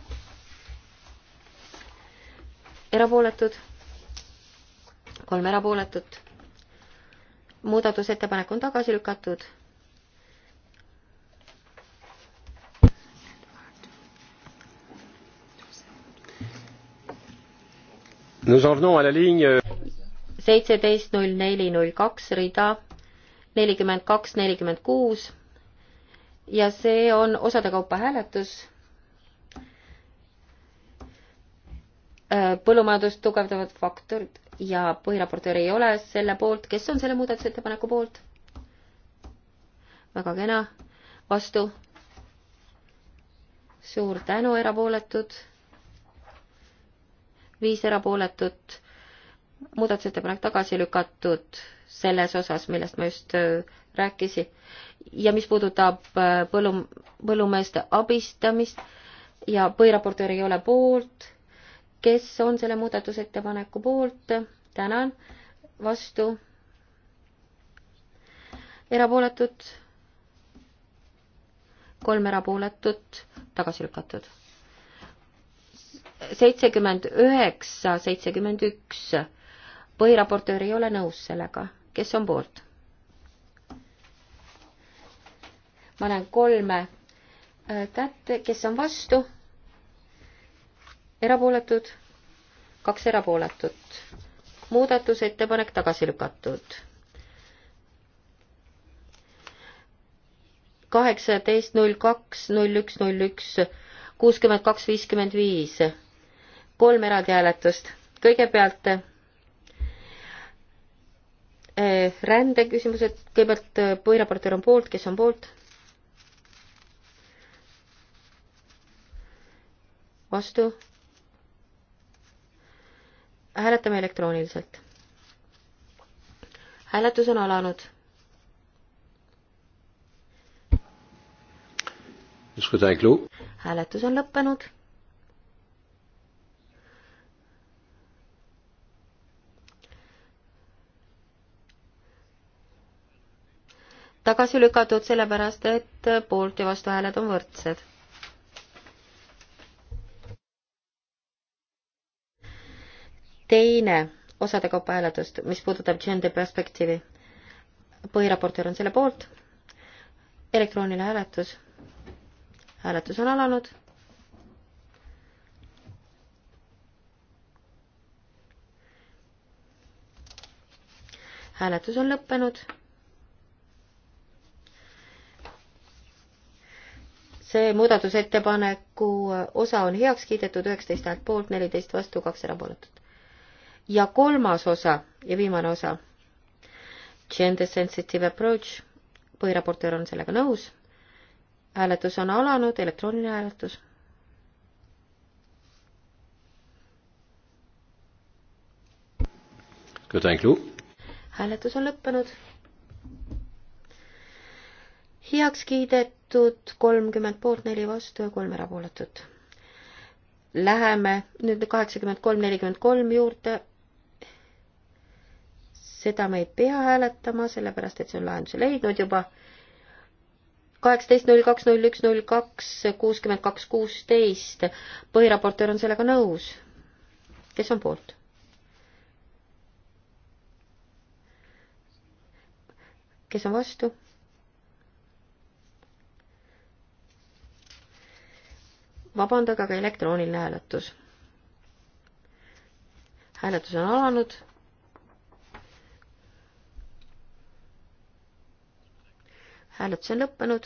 A: erapooletud? kolm erapooletut. muudatusettepanek on tagasi lükatud.
C: Euh,
A: seitseteist null neli null kaks rida nelikümmend kaks, nelikümmend kuus ja see on osade kaupa hääletus Äh, põllumajandust tugevdavad faktorid ja põhiraportöör ei ole selle poolt, kes on selle muudatusettepaneku poolt? väga kena, vastu. suur tänu, erapooletud. viis erapooletut, muudatusettepanek tagasi lükatud selles osas, millest ma just äh, rääkisin. ja mis puudutab äh, põllu, põllumeeste abistamist ja põhiraportöör ei ole poolt kes on selle muudatusettepaneku poolt, tänan, vastu, erapooletud, kolm erapooletut, tagasi lükatud. seitsekümmend üheksa, seitsekümmend üks, põhiraportöör ei ole nõus sellega, kes on poolt? ma näen kolme äh, kätt, kes on vastu erapooletud, kaks erapooletut. muudatusettepanek tagasi lükatud. kaheksateist, null kaks, null üks, null üks, kuuskümmend kaks, viiskümmend viis. kolm eraldi hääletust. kõigepealt eh, rändeküsimused, kõigepealt eh, põhiraportöör on poolt, kes on poolt? vastu hääletame elektrooniliselt. hääletus on alanud. hääletus on lõppenud. tagasi lükatud sellepärast, et poolt ja vastuhääled on võrdsed teine osade kaupa hääletust, mis puudutab gender perspektiivi. põhiraportöör on selle poolt. elektrooniline hääletus. hääletus on alanud. hääletus on lõppenud. see muudatusettepaneku osa on heaks kiidetud, üheksateist häält poolt, neliteist vastu, kaks erapooletut ja kolmas osa ja viimane osa, gender sensitive approach, põhiraportöör on sellega nõus. hääletus on alanud, elektrooniline hääletus. hääletus on lõppenud. heaks kiidetud kolmkümmend poolt, neli vastu ja kolm erapooletut läheme nüüd kaheksakümmend kolm, nelikümmend kolm juurde, seda me ei pea hääletama, sellepärast et see on lahenduse leidnud juba. kaheksateist, null kaks, null üks, null kaks, kuuskümmend kaks, kuusteist. põhiraportöör on sellega nõus. kes on poolt? kes on vastu? vabandage, aga elektrooniline hääletus. hääletus on alanud hääletus on lõppenud.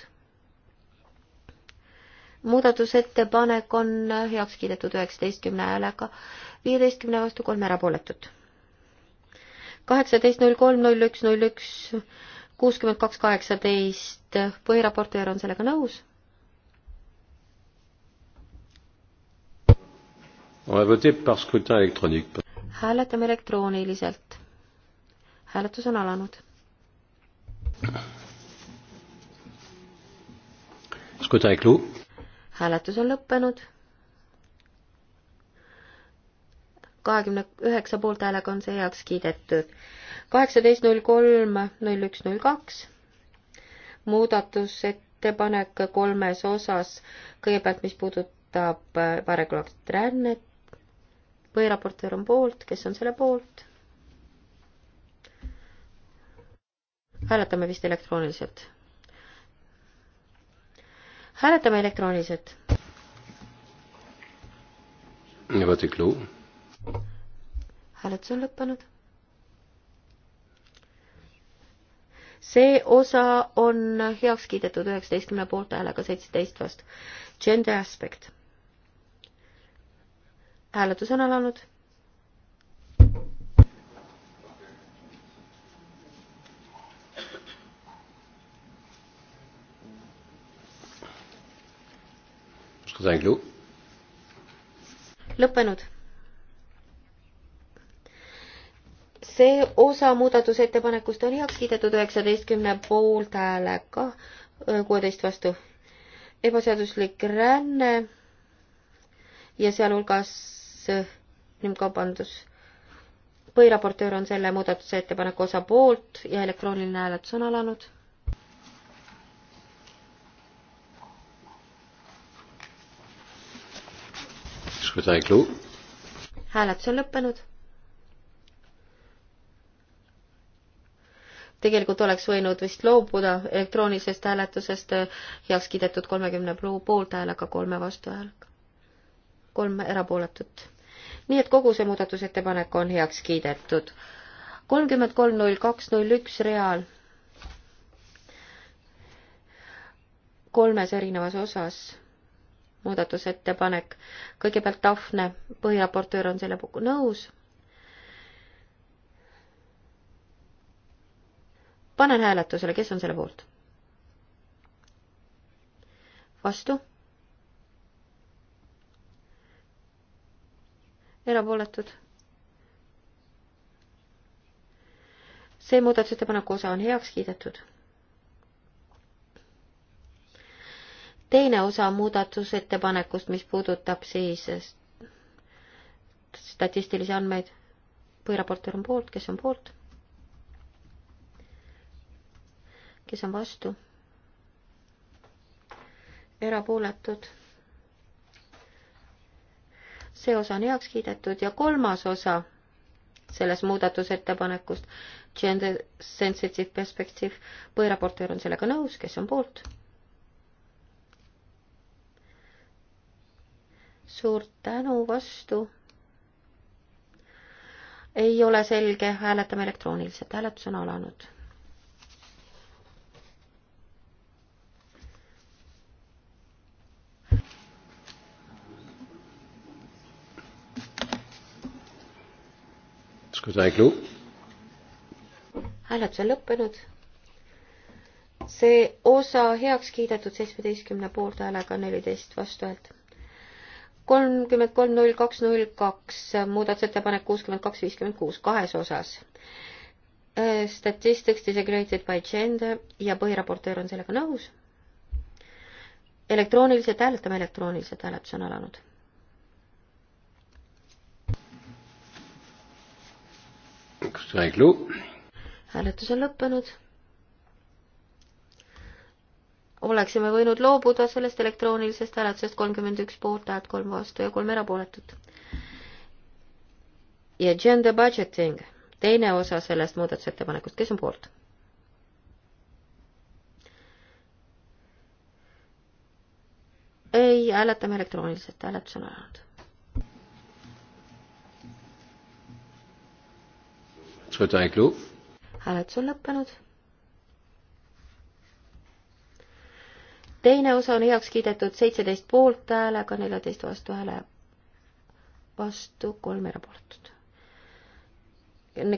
A: muudatusettepanek on heaks kiidetud üheksateistkümne häälega, viieteistkümne vastu kolm erapooletut. kaheksateist null kolm null üks null üks kuuskümmend kaks kaheksateist, põhiraportöör on sellega nõus. hääletame elektrooniliselt. hääletus on alanud. hääletus on lõppenud. kahekümne üheksa poolthäälega on see heaks kiidetud. kaheksateist null kolm null üks null kaks muudatusettepanek kolmes osas, kõigepealt mis puudutab paragrahvit äh, rännet, põhiraportöör on poolt, kes on selle poolt? hääletame vist elektrooniliselt hääletame elektrooniliselt. hääletus on lõppenud. see osa on heaks kiidetud üheksateistkümne poolthäälega seitseteist vastu. Gender aspect. hääletus on alanud lõppenud. see osa muudatusettepanekust on heaks kiidetud üheksateistkümne poolthäälega, äh, kuueteist vastu. ebaseaduslik ränne ja sealhulgas äh, inimkaubandus. põhiraportöör on selle muudatusettepaneku osa poolt ja elektrooniline hääletus on alanud hääletus on lõppenud. tegelikult oleks võinud vist loobuda elektroonilisest hääletusest heaks kiidetud kolmekümne poolthäälega, kolme vastuhäälega, kolm erapooletut. nii et kogu see muudatusettepanek on heaks kiidetud. kolmkümmend kolm null kaks null üks real kolmes erinevas osas muudatusettepanek. kõigepealt Tafne, põhiraportöör on selle puhul nõus. panen hääletusele, kes on selle poolt? vastu? erapooletud? see muudatusettepaneku osa on heaks kiidetud teine osa muudatusettepanekust, mis puudutab siis statistilisi andmeid. põhiraportöör on poolt, kes on poolt? kes on vastu? erapooletud. see osa on heaks kiidetud ja kolmas osa sellest muudatusettepanekust, gender sensitive perspective, põhiraportöör on sellega nõus, kes on poolt? suur tänu, vastu. ei ole selge, hääletame elektrooniliselt, hääletus on alanud. hääletus on lõppenud see osa heaks kiidetud seitsmeteistkümne poolthäälega, neliteist vastuhäält kolmkümmend kolm null kaks null kaks, muudatusettepanek kuuskümmend kaks viiskümmend kuus, kahes osas. Äh, statistics disaggregated by gender ja põhiraportöör on sellega nõus. elektrooniliselt hääletame, elektrooniliselt hääletus on alanud. hääletus on lõppenud oleksime võinud loobuda sellest elektroonilisest hääletusest kolmkümmend üks poolthäält, kolm vastu ja kolm erapooletut. ja gender budgeting, teine osa sellest muudatusettepanekust, kes on poolt? ei, hääletame elektrooniliselt, hääletus on alanud. hääletus on lõppenud teine osa on heaks kiidetud seitseteist poolthäälega, neljateist vastuhääle vastu, kolm erapooletut.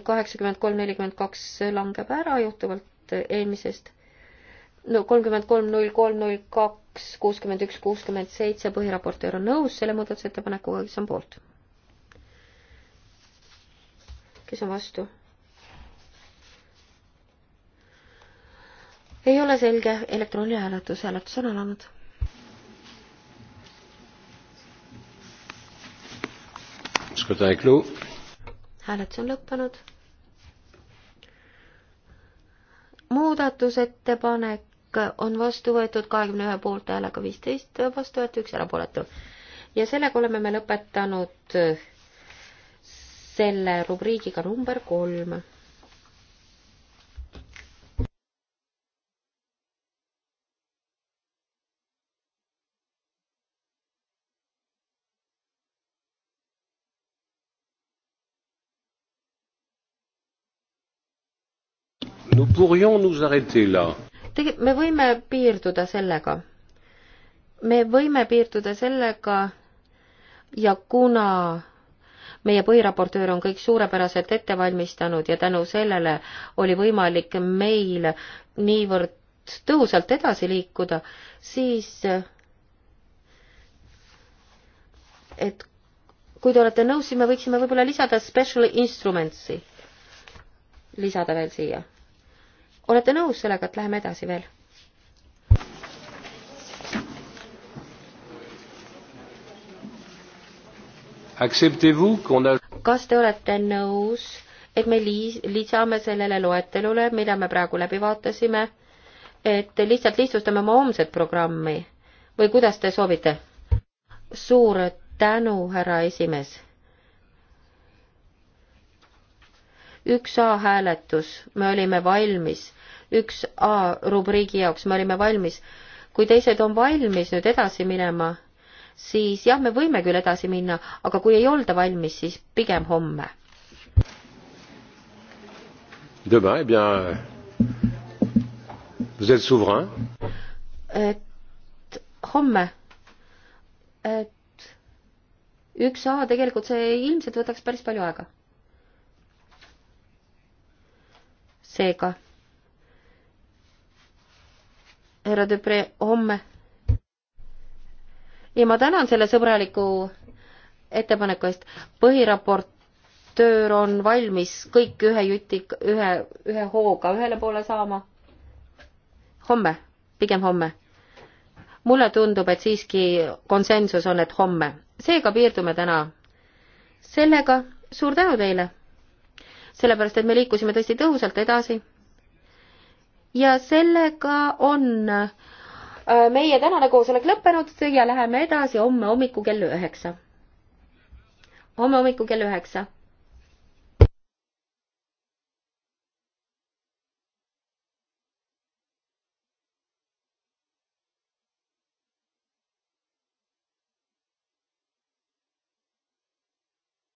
A: kaheksakümmend kolm, nelikümmend kaks langeb ära juhtuvalt eelmisest. no kolmkümmend kolm, null kolm, null kaks, kuuskümmend üks, kuuskümmend seitse, põhiraportöör on nõus selle muudatusettepanekuga, kes on poolt? kes on vastu? ei ole selge, elektrooniline hääletus, hääletus on alanud. hääletus on lõppenud. muudatusettepanek on vastu võetud kahekümne ühe poolthäälega, viisteist vastu võetud, üks erapooletu. ja sellega oleme me lõpetanud selle rubriigiga number kolm
C: Tegi-,
A: me võime piirduda sellega. me võime piirduda sellega ja kuna meie põhiraportöör on kõik suurepäraselt ette valmistanud ja tänu sellele oli võimalik meil niivõrd tõhusalt edasi liikuda, siis et kui te olete nõus, siis me võiksime võib-olla lisada special instruments'i, lisada veel siia olete nõus sellega, et läheme edasi veel? kas te olete nõus, et me liis-, lisame sellele loetelule, mida me praegu läbi vaatasime, et lihtsalt lihtsustame oma homset programmi või kuidas te soovite? suur tänu, härra esimees üks A hääletus, me olime valmis, üks A rubriigi jaoks me olime valmis. kui teised on valmis nüüd edasi minema, siis jah, me võime küll edasi minna, aga kui ei olda valmis, siis pigem homme.
C: Demain, eh bien, vous êtes souverain. et
A: homme, et üks A tegelikult see ilmselt võtaks päris palju aega seega härra Debre homme. ja ma tänan selle sõbraliku ettepaneku eest. põhiraportöör on valmis kõik ühe juti, ühe, ühe hooga ühele poole saama. homme, pigem homme. mulle tundub, et siiski konsensus on, et homme. seega piirdume täna sellega. suur tänu teile! sellepärast et me liikusime tõesti tõhusalt edasi. ja sellega on äh, meie tänane koosolek lõppenud ja läheme edasi homme hommikul kell üheksa. homme hommikul
B: kell üheksa